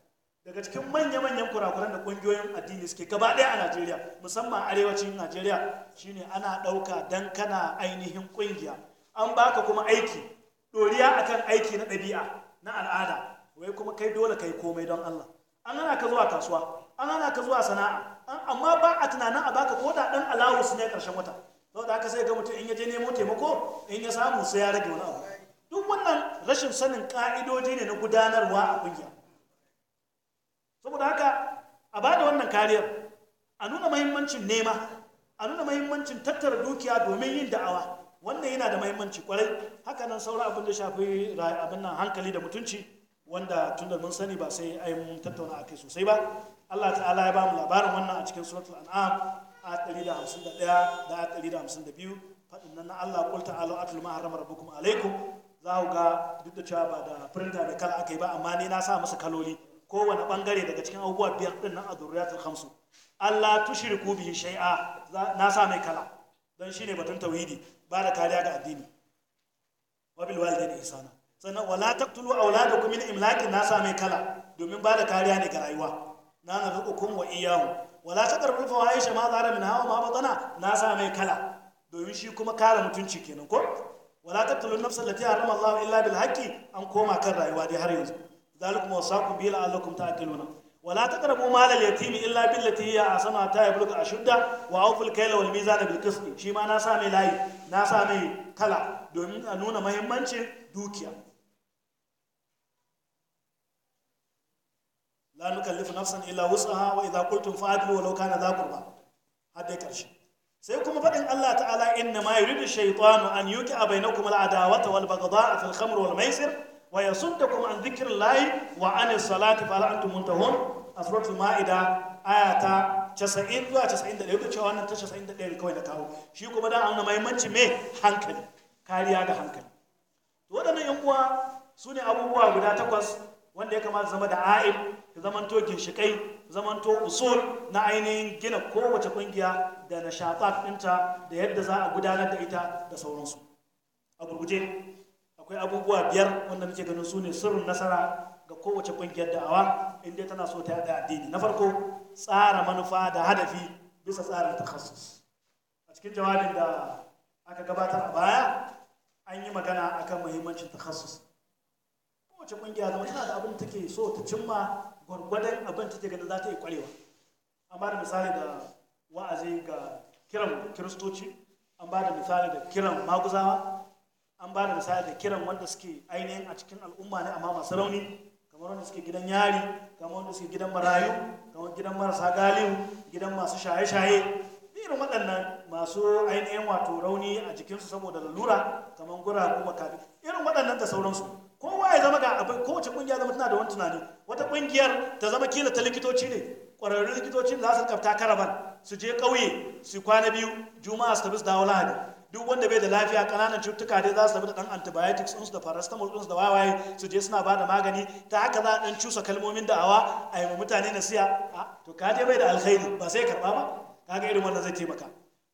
daga cikin manya-manyan kurakuran da kungiyoyin addini suke gaba ɗaya a najeriya musamman arewacin najeriya shine ana ɗauka don kana ainihin ƙungiya. an baka kuma aiki ɗoriya akan aiki na ɗabi'a na al'ada wai kuma kai dole kai komai don allah an hana ka zuwa kasuwa an hana ka zuwa sana'a amma ba a tunanin a baka ko da ɗan su ne ƙarshen wata saboda haka sai ga mutum in ya je nemo taimako in ya samu sai ya rage wani abu duk wannan rashin sanin ƙa'idoji ne na gudanarwa a ƙungiya. saboda haka a ba da wannan kariyar a nuna mahimmancin nema a nuna mahimmancin tattara dukiya domin yin da'awa wannan yana da mahimmanci kwarai haka nan sauran abin da shafi abin nan hankali da mutunci wanda tun da mun sani ba sai ai mun tattauna akai sosai ba Allah ta'ala ya ba mu labarin wannan a cikin suratul an'am a 151 da 152 faɗin nan na Allah qul ta'alu atlu ma rabbukum alaikum za ku ga duk da cewa ba da printer da kala akai ba amma ni na sa masa kaloli kowane bangare daga cikin abubuwa biyar din nan a zurriyatul khamsu Allah tushriku bihi shay'a na sa mai kala don shine batun tauhidi ba da kariya ga addini wa bil walidayni ihsana sannan wala taqtulu awladakum min imlakin na sa mai kala domin ba da kariya ne ga rayuwa na narzuqukum wa iyahu. wala taqrabu fawahisha ma zara min hawa ma batana na sa mai kala domin shi kuma kare mutunci kenan ko wala taqtulu nafsa allati harama Allah illa bil haqqi an koma kan rayuwa dai har yanzu zalikum wasaqu bihi la'allakum ta'qiluna wala taqrabu mal al-yatimi illa billati hiya ahsanu hatta yablugha ashudda wa awful kayla wal mizana bil qisti shi ma na sa mai layi na sa kala domin a nuna muhimmancin dukiya la nukallifu nafsan illa wus'aha wa idza sai kuma faɗin Allah ta'ala inna ma yuridu shaytanu an yuqi'a bainakum al-adawata wal baghdha'a fil khamr wal maisir wa yasuddakum an dhikrillahi wa anis salati fala antum muntahun a suratul ma'ida aya ta 90 zuwa 91 duk cewa nan ta 91 kawai da kawo shi kuma da auna mahimmanci me hankali kariya ga hankali to waɗannan yan uwa su ne abubuwa guda takwas wanda ya kamata zama da a'ib ya zamanto ginshikai zamanto usul na ainihin gina kowace ƙungiya da na ɗinta da yadda za a gudanar da ita da sauransu a gurguje akwai abubuwa biyar wanda muke ganin su ne sirrin nasara ga kowace ƙungiyar da'awa inda tana so ta yada addini na farko tsara manufa da hadafi bisa tsarin takhasus a cikin jawabin da aka gabatar a baya an yi magana akan muhimmancin takhasus kowace ƙungiya zama tana da abin da take so ta cimma gwargwadon abin take ganin za ta yi kwarewa an ba da misali da wa'azi ga kiran kiristoci an ba da misali da kiran maguzawa an ba da misali da kiran wanda suke ainihin a cikin al'umma ne amma masu rauni kamar wanda suke gidan yari kamar wanda suke gidan marayu kamar gidan marasa galihu gidan masu shaye-shaye irin waɗannan masu ainihin wato rauni a jikinsu saboda lalura kamar gura ko makafi irin waɗannan da sauransu kowa ya zama ga abin kowace ƙungiya zama tana da wani tunani wata ƙungiyar ta zama kila ta likitoci ne ƙwararrun likitocin za su kafta karaban su je ƙauye su kwana biyu juma'a su tafi su dawo lahadi duk wanda bai da lafiya kananan cututtuka dai za su tafi da dan antibiotics ɗinsu da paracetamol ɗinsu da wawaye su je suna bada magani ta haka za a dan cusa kalmomin da'awa a yi mutane na a to ka je bai da alkhairi ba sai karba ba ga irin wannan zai taimaka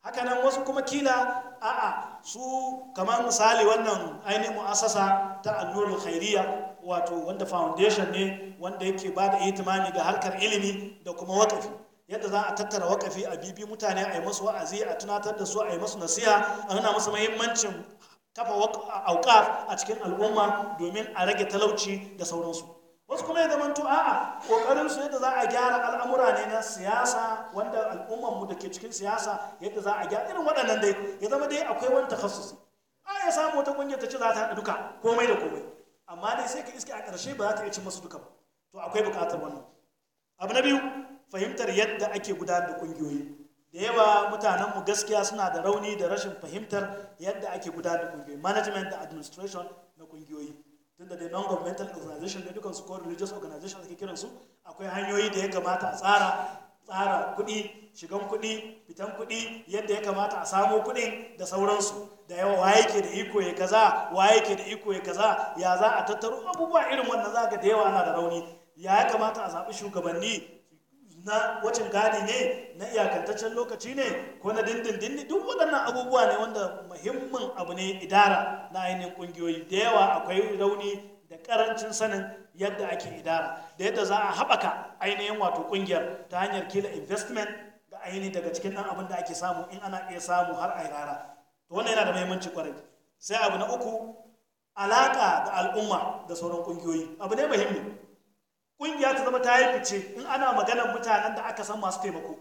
haka nan wasu kuma kila a'a su kamar misali wannan ainihin mu'assasa ta annurul khairiyya wato wanda foundation ne wanda yake ba da itimami ga harkar ilimi da kuma wakafi yadda za a tattara wakafi a bibi mutane a yi masu wa'azi a tunatar da su a yi masu nasiha a nuna masu mahimmancin kafa auka a cikin al'umma domin a rage talauci da sauransu wasu kuma ya zamanto a'a kokarin su yadda za a gyara al'amura ne na siyasa wanda al'umman mu da ke cikin siyasa yadda za a gyara irin waɗannan dai ya zama dai akwai wani takhassusi a ya samu wata kungiyar ta ce za ta haɗa duka komai da komai amma dai sai ka iske a ƙarshe ba za ta iya cin masu duka ba to akwai buƙatar wannan abu na biyu fahimtar yadda ake gudanar da ƙungiyoyi da yawa mutanenmu gaskiya suna da rauni da rashin fahimtar yadda ake gudanar da ƙungiyoyi management da administration na ƙungiyoyi tunda da non governmental organization da dukansu ko religious organization ake kiransu akwai hanyoyi da ya kamata a tsara tsara kuɗi shigan kuɗi fitan kuɗi yadda ya kamata a samo kuɗin da sauransu da yawa waye ke da iko ya kaza waye ke da iko ya kaza ya za a tattaro abubuwa irin wannan zaka da yawa ana da rauni ya kamata a zaɓi shugabanni na wacin gadi ne na iyakantaccen lokaci ne ko na dindindin ne duk waɗannan abubuwa ne wanda muhimmin abu ne idara na ainihin ƙungiyoyi da yawa akwai rauni da ƙarancin sanin yadda ake idara da yadda za a haɓaka ainihin wato ƙungiyar ta hanyar kila investment da ainihin daga cikin nan abin da ake samu in ana iya samu har a rara to wannan yana da muhimmanci kwarai sai abu na uku alaƙa da al'umma da sauran ƙungiyoyi abu ne muhimmi ƙungiya ta zama ta yi fice in ana maganar mutanen da aka san masu taimako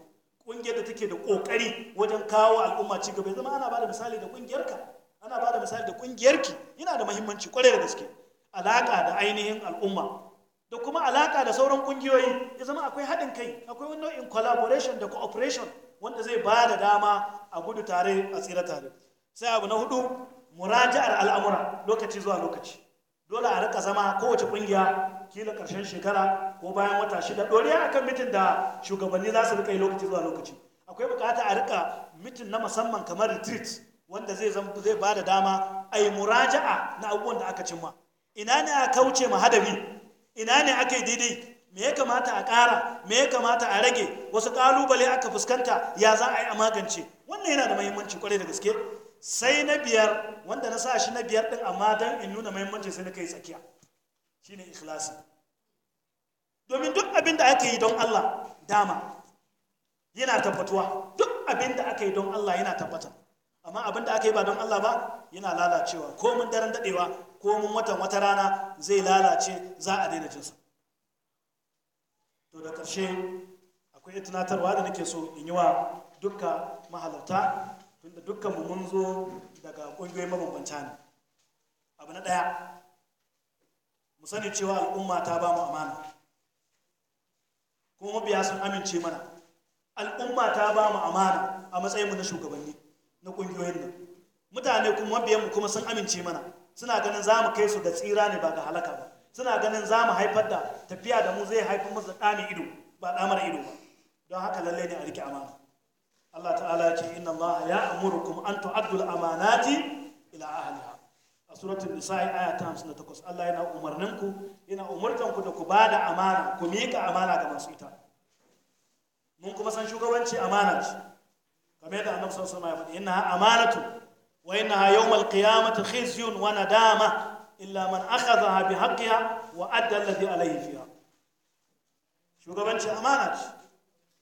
ƙungiyar da take da ƙoƙari wajen kawo al'umma ci gaba zama ana bada misali da ƙungiyarka ana bada misali da ƙungiyarki yana da muhimmanci kwarai da gaske alaƙa da ainihin al'umma da kuma alaƙa da sauran ƙungiyoyi ya zama akwai haɗin kai akwai wani nau'in collaboration da cooperation wanda zai ba da dama a gudu tare a tsira tare sai abu na hudu muraja'ar al'amura lokaci zuwa lokaci dole a rika zama kowace ƙungiya kila karshen shekara ko bayan wata shida ɗoriya akan mitin da shugabanni za su rika yi lokaci zuwa lokaci akwai bukata a rika mitin na musamman kamar retreat wanda zai zai ba da dama a yi muraja'a na abubuwan da aka cimma ina ne a kauce ma hadari ina ne aka yi daidai me ya kamata a ƙara me ya kamata a rage wasu ƙalubale aka fuskanta ya za a yi a magance wannan yana da mahimmanci kwarai da gaske sai na biyar wanda na sa shi na biyar ɗin amma don in nuna mahimmanci sai na kai tsakiya shine ikhlasi domin duk abin da aka yi don Allah dama yana tabbatuwa duk abin da aka yi don Allah yana tabbata amma abin da aka yi ba don Allah ba yana lalacewa ko mun daren daɗewa, ko mun watan wata rana zai lalace za a daina jinsa to da ƙarshe akwai tunatarwa da nake so in yi wa duka mahalarta tunda dukkanmu mun zo daga ƙungiyoyi mabambanta ne abu na ɗaya mu sani cewa al'umma ta ba mu amana kuma mabiya sun amince mana al'umma ta ba mu amana a matsayinmu na shugabanni na ƙungiyoyin nan mutane kuma mabiyanmu kuma sun amince mana suna ganin za mu kai su da tsira ne ba ga halaka ba suna ganin za mu haifar da tafiya da mu zai haifar musu da ido ba ɗa ido ba don haka lallai ne a riƙe amana Allah ta'ala ya ce inna Allah ya amurukum an tu'addu al-amanati ila ahliha a suratun nisa'i aya ta takwas. Allah yana umarnin ku yana umurtan ku da ku bada amana ku miƙa amana ga masu ita mun kuma san shugabanci amana ce kamar yadda annabi sallallahu alaihi wasallam ya faɗi innaha amanatu wa innaha yawmal qiyamati khizyun wa nadama illa man aka bi haqqiha wa adda alladhi alayhi fiha shugabanci amana ce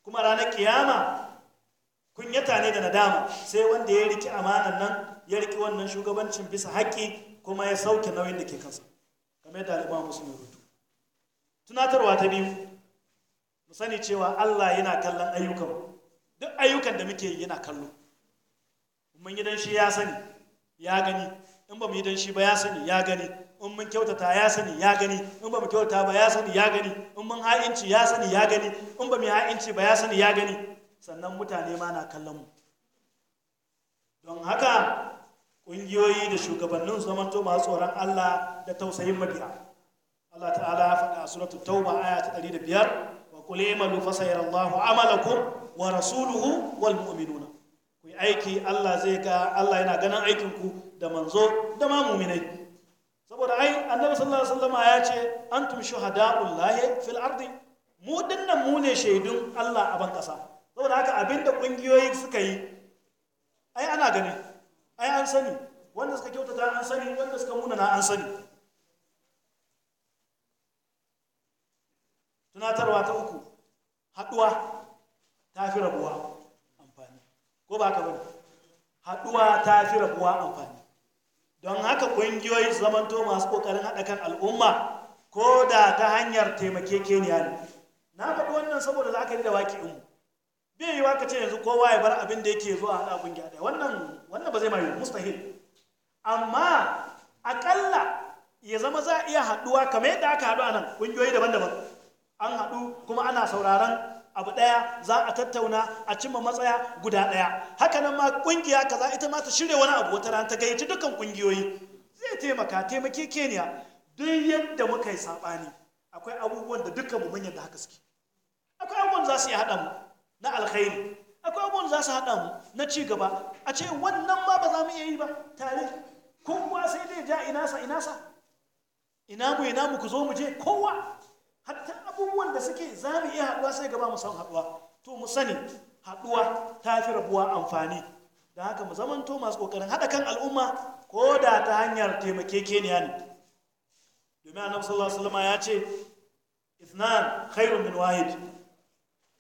kuma ranar kiyama kunyata ne da nadama sai wanda ya riki amanan nan ya riƙe wannan shugabancin bisa haƙƙi kuma ya sauke nauyin da ke kansa kamar yadda al'umma ne rutu tunatarwa ta biyu mu sani cewa Allah yana kallon ayyukan duk ayyukan da muke yana kallo mun yi dan shi ya sani ya gani in ba mu yi dan shi ba ya sani ya gani in mun kyautata ya sani ya gani in ba mu kyautata ba ya sani ya gani in mun ha'inci ya sani ya gani in ba mu ha'inci ba ya sani ya gani sannan mutane ma na kallon mu don haka ƙungiyoyi da shugabannin su zamanto masu tsoron Allah da tausayin mabiya Allah ta'ala ya faɗa suratul tauba aya ta 105 wa qul imalu Amala ku wa rasuluhu wal mu'minuna ku aiki Allah zai ga Allah yana ganin aikin ku da manzo da ma mu'minai saboda ai annabi sallallahu alaihi wasallam ya ce antum shuhada'ullahi fil ardi mu dinnan mu ne shaidun Allah a ban ƙasa saboda haka abinda ƙungiyoyi suka yi ai ana gani ai an sani wanda suka kyautata an sani wanda suka na an sani tunatarwa ta uku Haduwa ta fi rabuwa amfani ko ba ka bane Haduwa ta fi rabuwa amfani don haka ƙungiyoyi zamanto masu ƙoƙarin haɗa kan al'umma ko da ta hanyar taimakekeniya ne na faɗi wannan saboda za ka yi da waƙi'inmu bai yi ka ce yanzu kowa ya bar abin da yake zuwa haɗa abin gyaɗa wannan wannan ba zai mai mustahil amma akalla ya zama za a iya haɗuwa kamar yadda aka haɗu a nan ƙungiyoyi daban-daban an haɗu kuma ana sauraron abu ɗaya za a tattauna a cimma matsaya guda ɗaya haka nan ma ƙungiya kaza ita ma ta shirya wani abu wata rana ta gayyaci dukkan ƙungiyoyi zai taimaka taimake keniya duk yadda muka yi saɓani akwai abubuwan da dukkan mu mun yadda haka suke akwai abubuwan za su iya haɗa mu na alkhairi akwai abubuwan za su haɗa mu na ci gaba a ce wannan ma ba za mu iya yi ba tare kowa sai dai ja inasa inasa ina mu ina mu ku zo mu je kowa hatta abubuwan da suke za mu iya haɗuwa sai gaba mu san haɗuwa to mu sani haɗuwa ta fi rabuwa amfani da haka mu zamanto masu ƙoƙarin haɗa kan al'umma ko da ta hanyar taimakekeniya ne domin annabi sallallahu alaihi wasallam ya ce ithnan khairun min wahid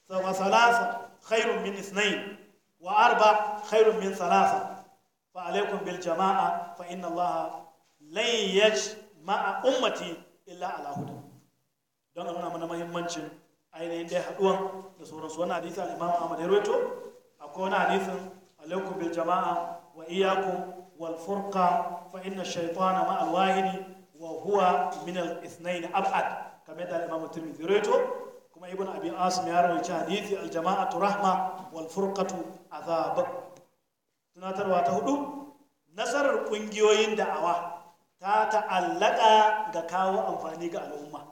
wa salasa khairun min isnain wa arba khairun min salasa fa alaikum bil jama'a fa inna Allah lan ummati illa ala don a nuna mana muhimmancin ainihin dai haɗuwan da sauransu wani hadisi al-Imam Ahmad ya rawaito akwai wani hadisin alaikum bil jama'a wa iyyakum wal furqa fa inna ash-shaytana ma'a al-wahidi wa huwa min al-ithnayn ab'ad kamar da Imam Tirmidhi rawaito kuma ibn abi asim ya rawaita hadithi aljama'atu rahma wal furqatu azab tunatarwa ta hudu nasarar ƙungiyoyin da'awa ta ta'allaka ga kawo amfani ga al'umma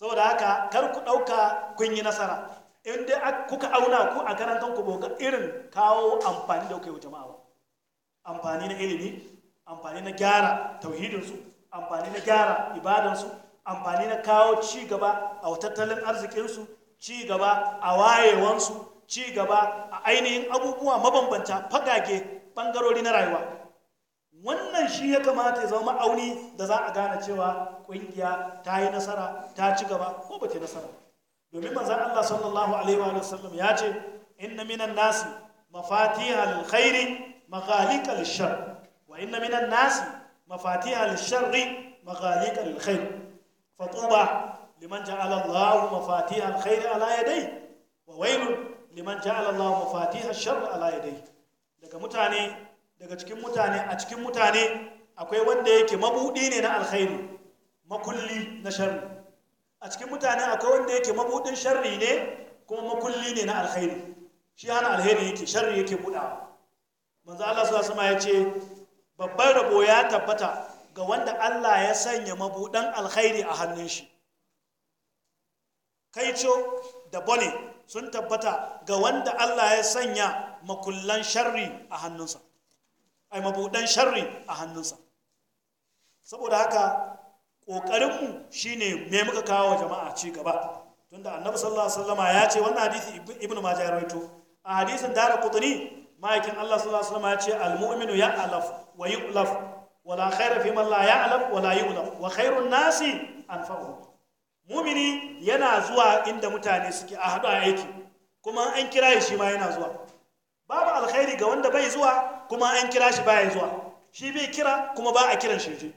saboda haka kar ku ɗauka kun yi nasara in dai kuka auna ku a karantar ku boga irin kawo amfani da kuka yi jama'a ba amfani na ilimi amfani na gyara tauhidinsu amfani na gyara ibadansu amfani na kawo ci gaba a tattalin arzikinsu ci gaba a wayewansu ci gaba a ainihin abubuwa mabambanta fagage ɓangarori na rayuwa wannan shi ya kamata ya zama ma'auni da za a gane cewa ƙungiya ta yi nasara ta ci gaba ko ba ta nasara domin manzan Allah sallallahu alaihi wa sallam ya ce inna minan nasi mafatihal khairi maghaliqa shar wa inna minan nasi mafatiha sharri maghaliqa khair fatuba liman ja'ala Allahu mafatiha alkhairi ala yadayhi wa wailun liman ja'ala Allahu mafatiha sharri ala yadayhi daga mutane daga cikin mutane a cikin mutane akwai wanda yake mabudi ne na alkhairi makulli na sharri a cikin mutane akwai wanda yake mabudin sharri ne kuma makulli ne na alkhairi shi hana alheri yake sharri yake buɗa manzo Allah sallallahu alaihi wasallam ya ce babbar rabo ya tabbata ga wanda Allah ya sanya mabuɗan alkhairi a hannun shi kaico da bone sun tabbata ga wanda Allah ya sanya makullan sharri a hannunsa ai mabuɗan sharri a hannunsa saboda haka ƙoƙarinmu shine me muka kawo jama'a ci gaba tunda annabi sallallahu alaihi wasallama ya ce wannan hadisi ibnu majah ya rawaito a hadisin dara kutuni ma'aikin Allah sallallahu alaihi wasallama ya ce al-mu'minu ya'laf wa yu'laf wala khaira fi man la ya'lam wala yu'lam wa khairun nasi anfa'u mumini yana zuwa inda mutane suke hadu a aiki kuma an kira shi ma yana zuwa babu alkhairi ga wanda bai zuwa kuma an kira shi baya zuwa shi bai kira kuma ba a kiran shi je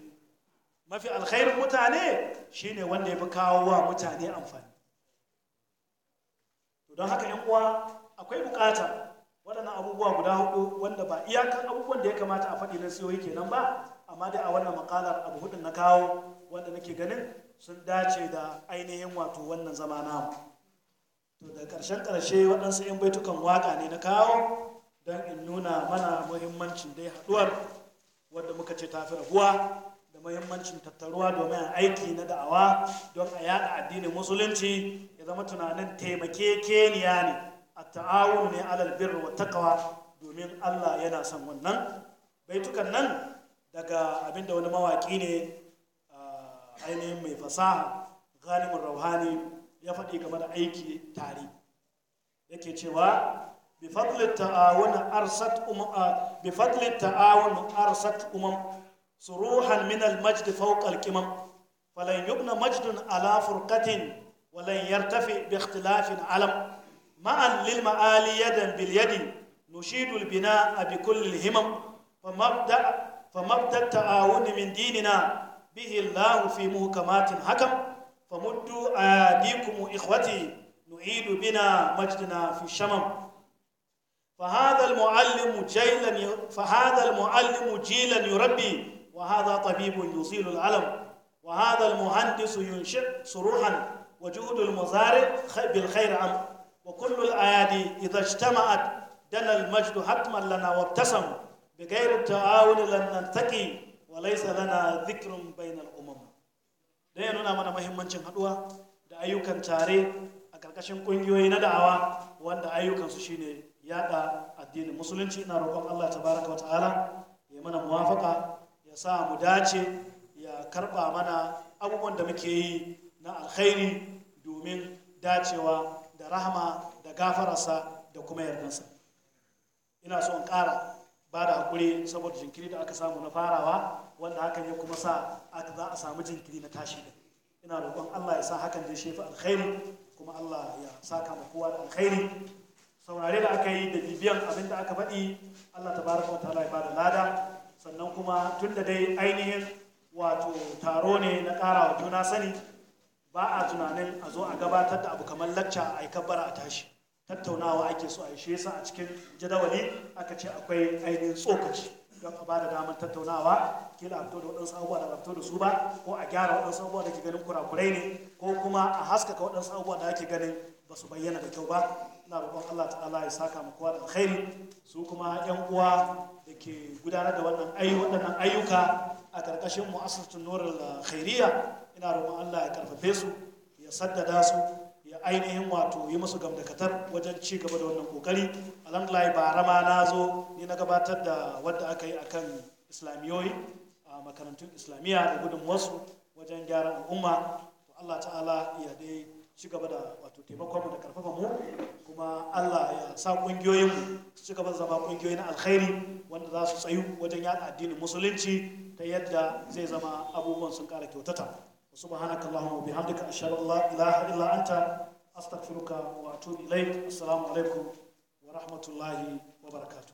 mafi alkhairin mutane shine wanda ya fi kawo wa mutane amfani don haka yan uwa akwai bukata waɗannan abubuwa guda hudu wanda ba iyakan abubuwan da ya kamata a faɗi na siyoyi kenan ba amma dai a wannan makalar abu hudun na kawo wanda nake ganin sun dace da ainihin wato wannan zama namu to da ƙarshen ƙarshe waɗansu 'yan baitukan waƙa ne na kawo don in nuna mana muhimmancin dai haɗuwar wadda muka ce tafi rabuwa da muhimmancin tattaruwa domin aiki na da'awa don a yaɗa addinin musulunci ya zama tunanin taimake keniya ne a ta'awun ne alal birri wa takawa domin allah yana son wannan baitukan nan daga abinda wani mawaƙi ne ainihin mai fasaha ghanimin rauhani ya faɗi game da aiki tare da ke cewa bifadli ta'awun arsat umam suruhan minal majdi fauƙal kimam falan yubna majdun ala furqatin walan tafi bi ikhtilafin alam ma'an lil ma'ali yadan bil yadi nushidul bina'a a kulli himam fa mabda' فمبدأ التعاون من ديننا به الله في محكمات حكم فمدوا اياديكم إخوتي نعيد بنا مجدنا في الشمم فهذا المعلم جيلا فهذا المعلم جيلا يربي وهذا طبيب يزيل العلم وهذا المهندس ينشئ صروحا وجهد المزارع بالخير عم وكل الأيادي إذا اجتمعت دنا المجد حتما لنا وابتسم بغير التعاون لن نلتقي وليس لنا ذكر بين الأمم dan ya nuna mana mahimmancin haduwa da ayyukan tare a ƙarƙashin ƙungiyoyi na da'awa wanda ayyukansu shine yada addinin musulunci ina roƙon Allah tabaraka wa ta'ala ya mana muwafaka ya sa mu dace ya karɓa mana abubuwan da muke yi na alkhairi domin dacewa da rahma da gafararsa da kuma yardansa ina so in ƙara ba da hakuri saboda jinkiri da aka samu na farawa wanda hakan ya kuma sa za a samu jinkiri na tashi din ina roƙon Allah ya sa hakan zai shefi alkhairi kuma Allah ya saka ma kowa da alkhairi saurare da aka yi da bibiyan abin da aka faɗi Allah tabaraka wa ta'ala ya bada lada sannan kuma tun da dai ainihin wato taro ne na ƙara wa juna sani ba a tunanin a zo a gabatar da abu kamar lacca a yi kabbara a tashi tattaunawa ake so a yi sa a cikin jadawali aka ce akwai ainihin tsokaci don a ba da damar tattaunawa kila a fito da waɗansu abubuwa da fito da su ba ko a gyara waɗansu abubuwa da ke ganin kurakurai ne ko kuma a haskaka waɗansu abubuwa da ake ganin ba su bayyana da kyau ba ina roƙon Allah ta'ala ya saka mu kowa da alkhairi su kuma yan uwa da ke gudanar da wannan waɗannan ayyuka a ƙarƙashin mu'assasatul nurul khairiyya ina roƙon Allah ya karfafe su ya saddada su Da ainihin wato yi musu gamdakatar wajen ci gaba da wannan kokari alhamdulillah bara ma na zo ni na gabatar da wadda aka yi akan islamiyoyi a makarantun islamiyya da gudun wasu wajen gyara al'umma to allah ta'ala ya dai ci gaba da wato taimakon mu da karfafa mu kuma allah ya sa kungiyoyin mu su ci gaba da zama kungiyoyi na alkhairi wanda za su tsayu wajen yada addinin musulunci ta yadda zai zama abubuwan sun kara kyautata subhanaka allahumma wa bihamdika ashhadu an la ilaha illa anta astaghfiruka wa atubu alaikum wa rahmatullahi wa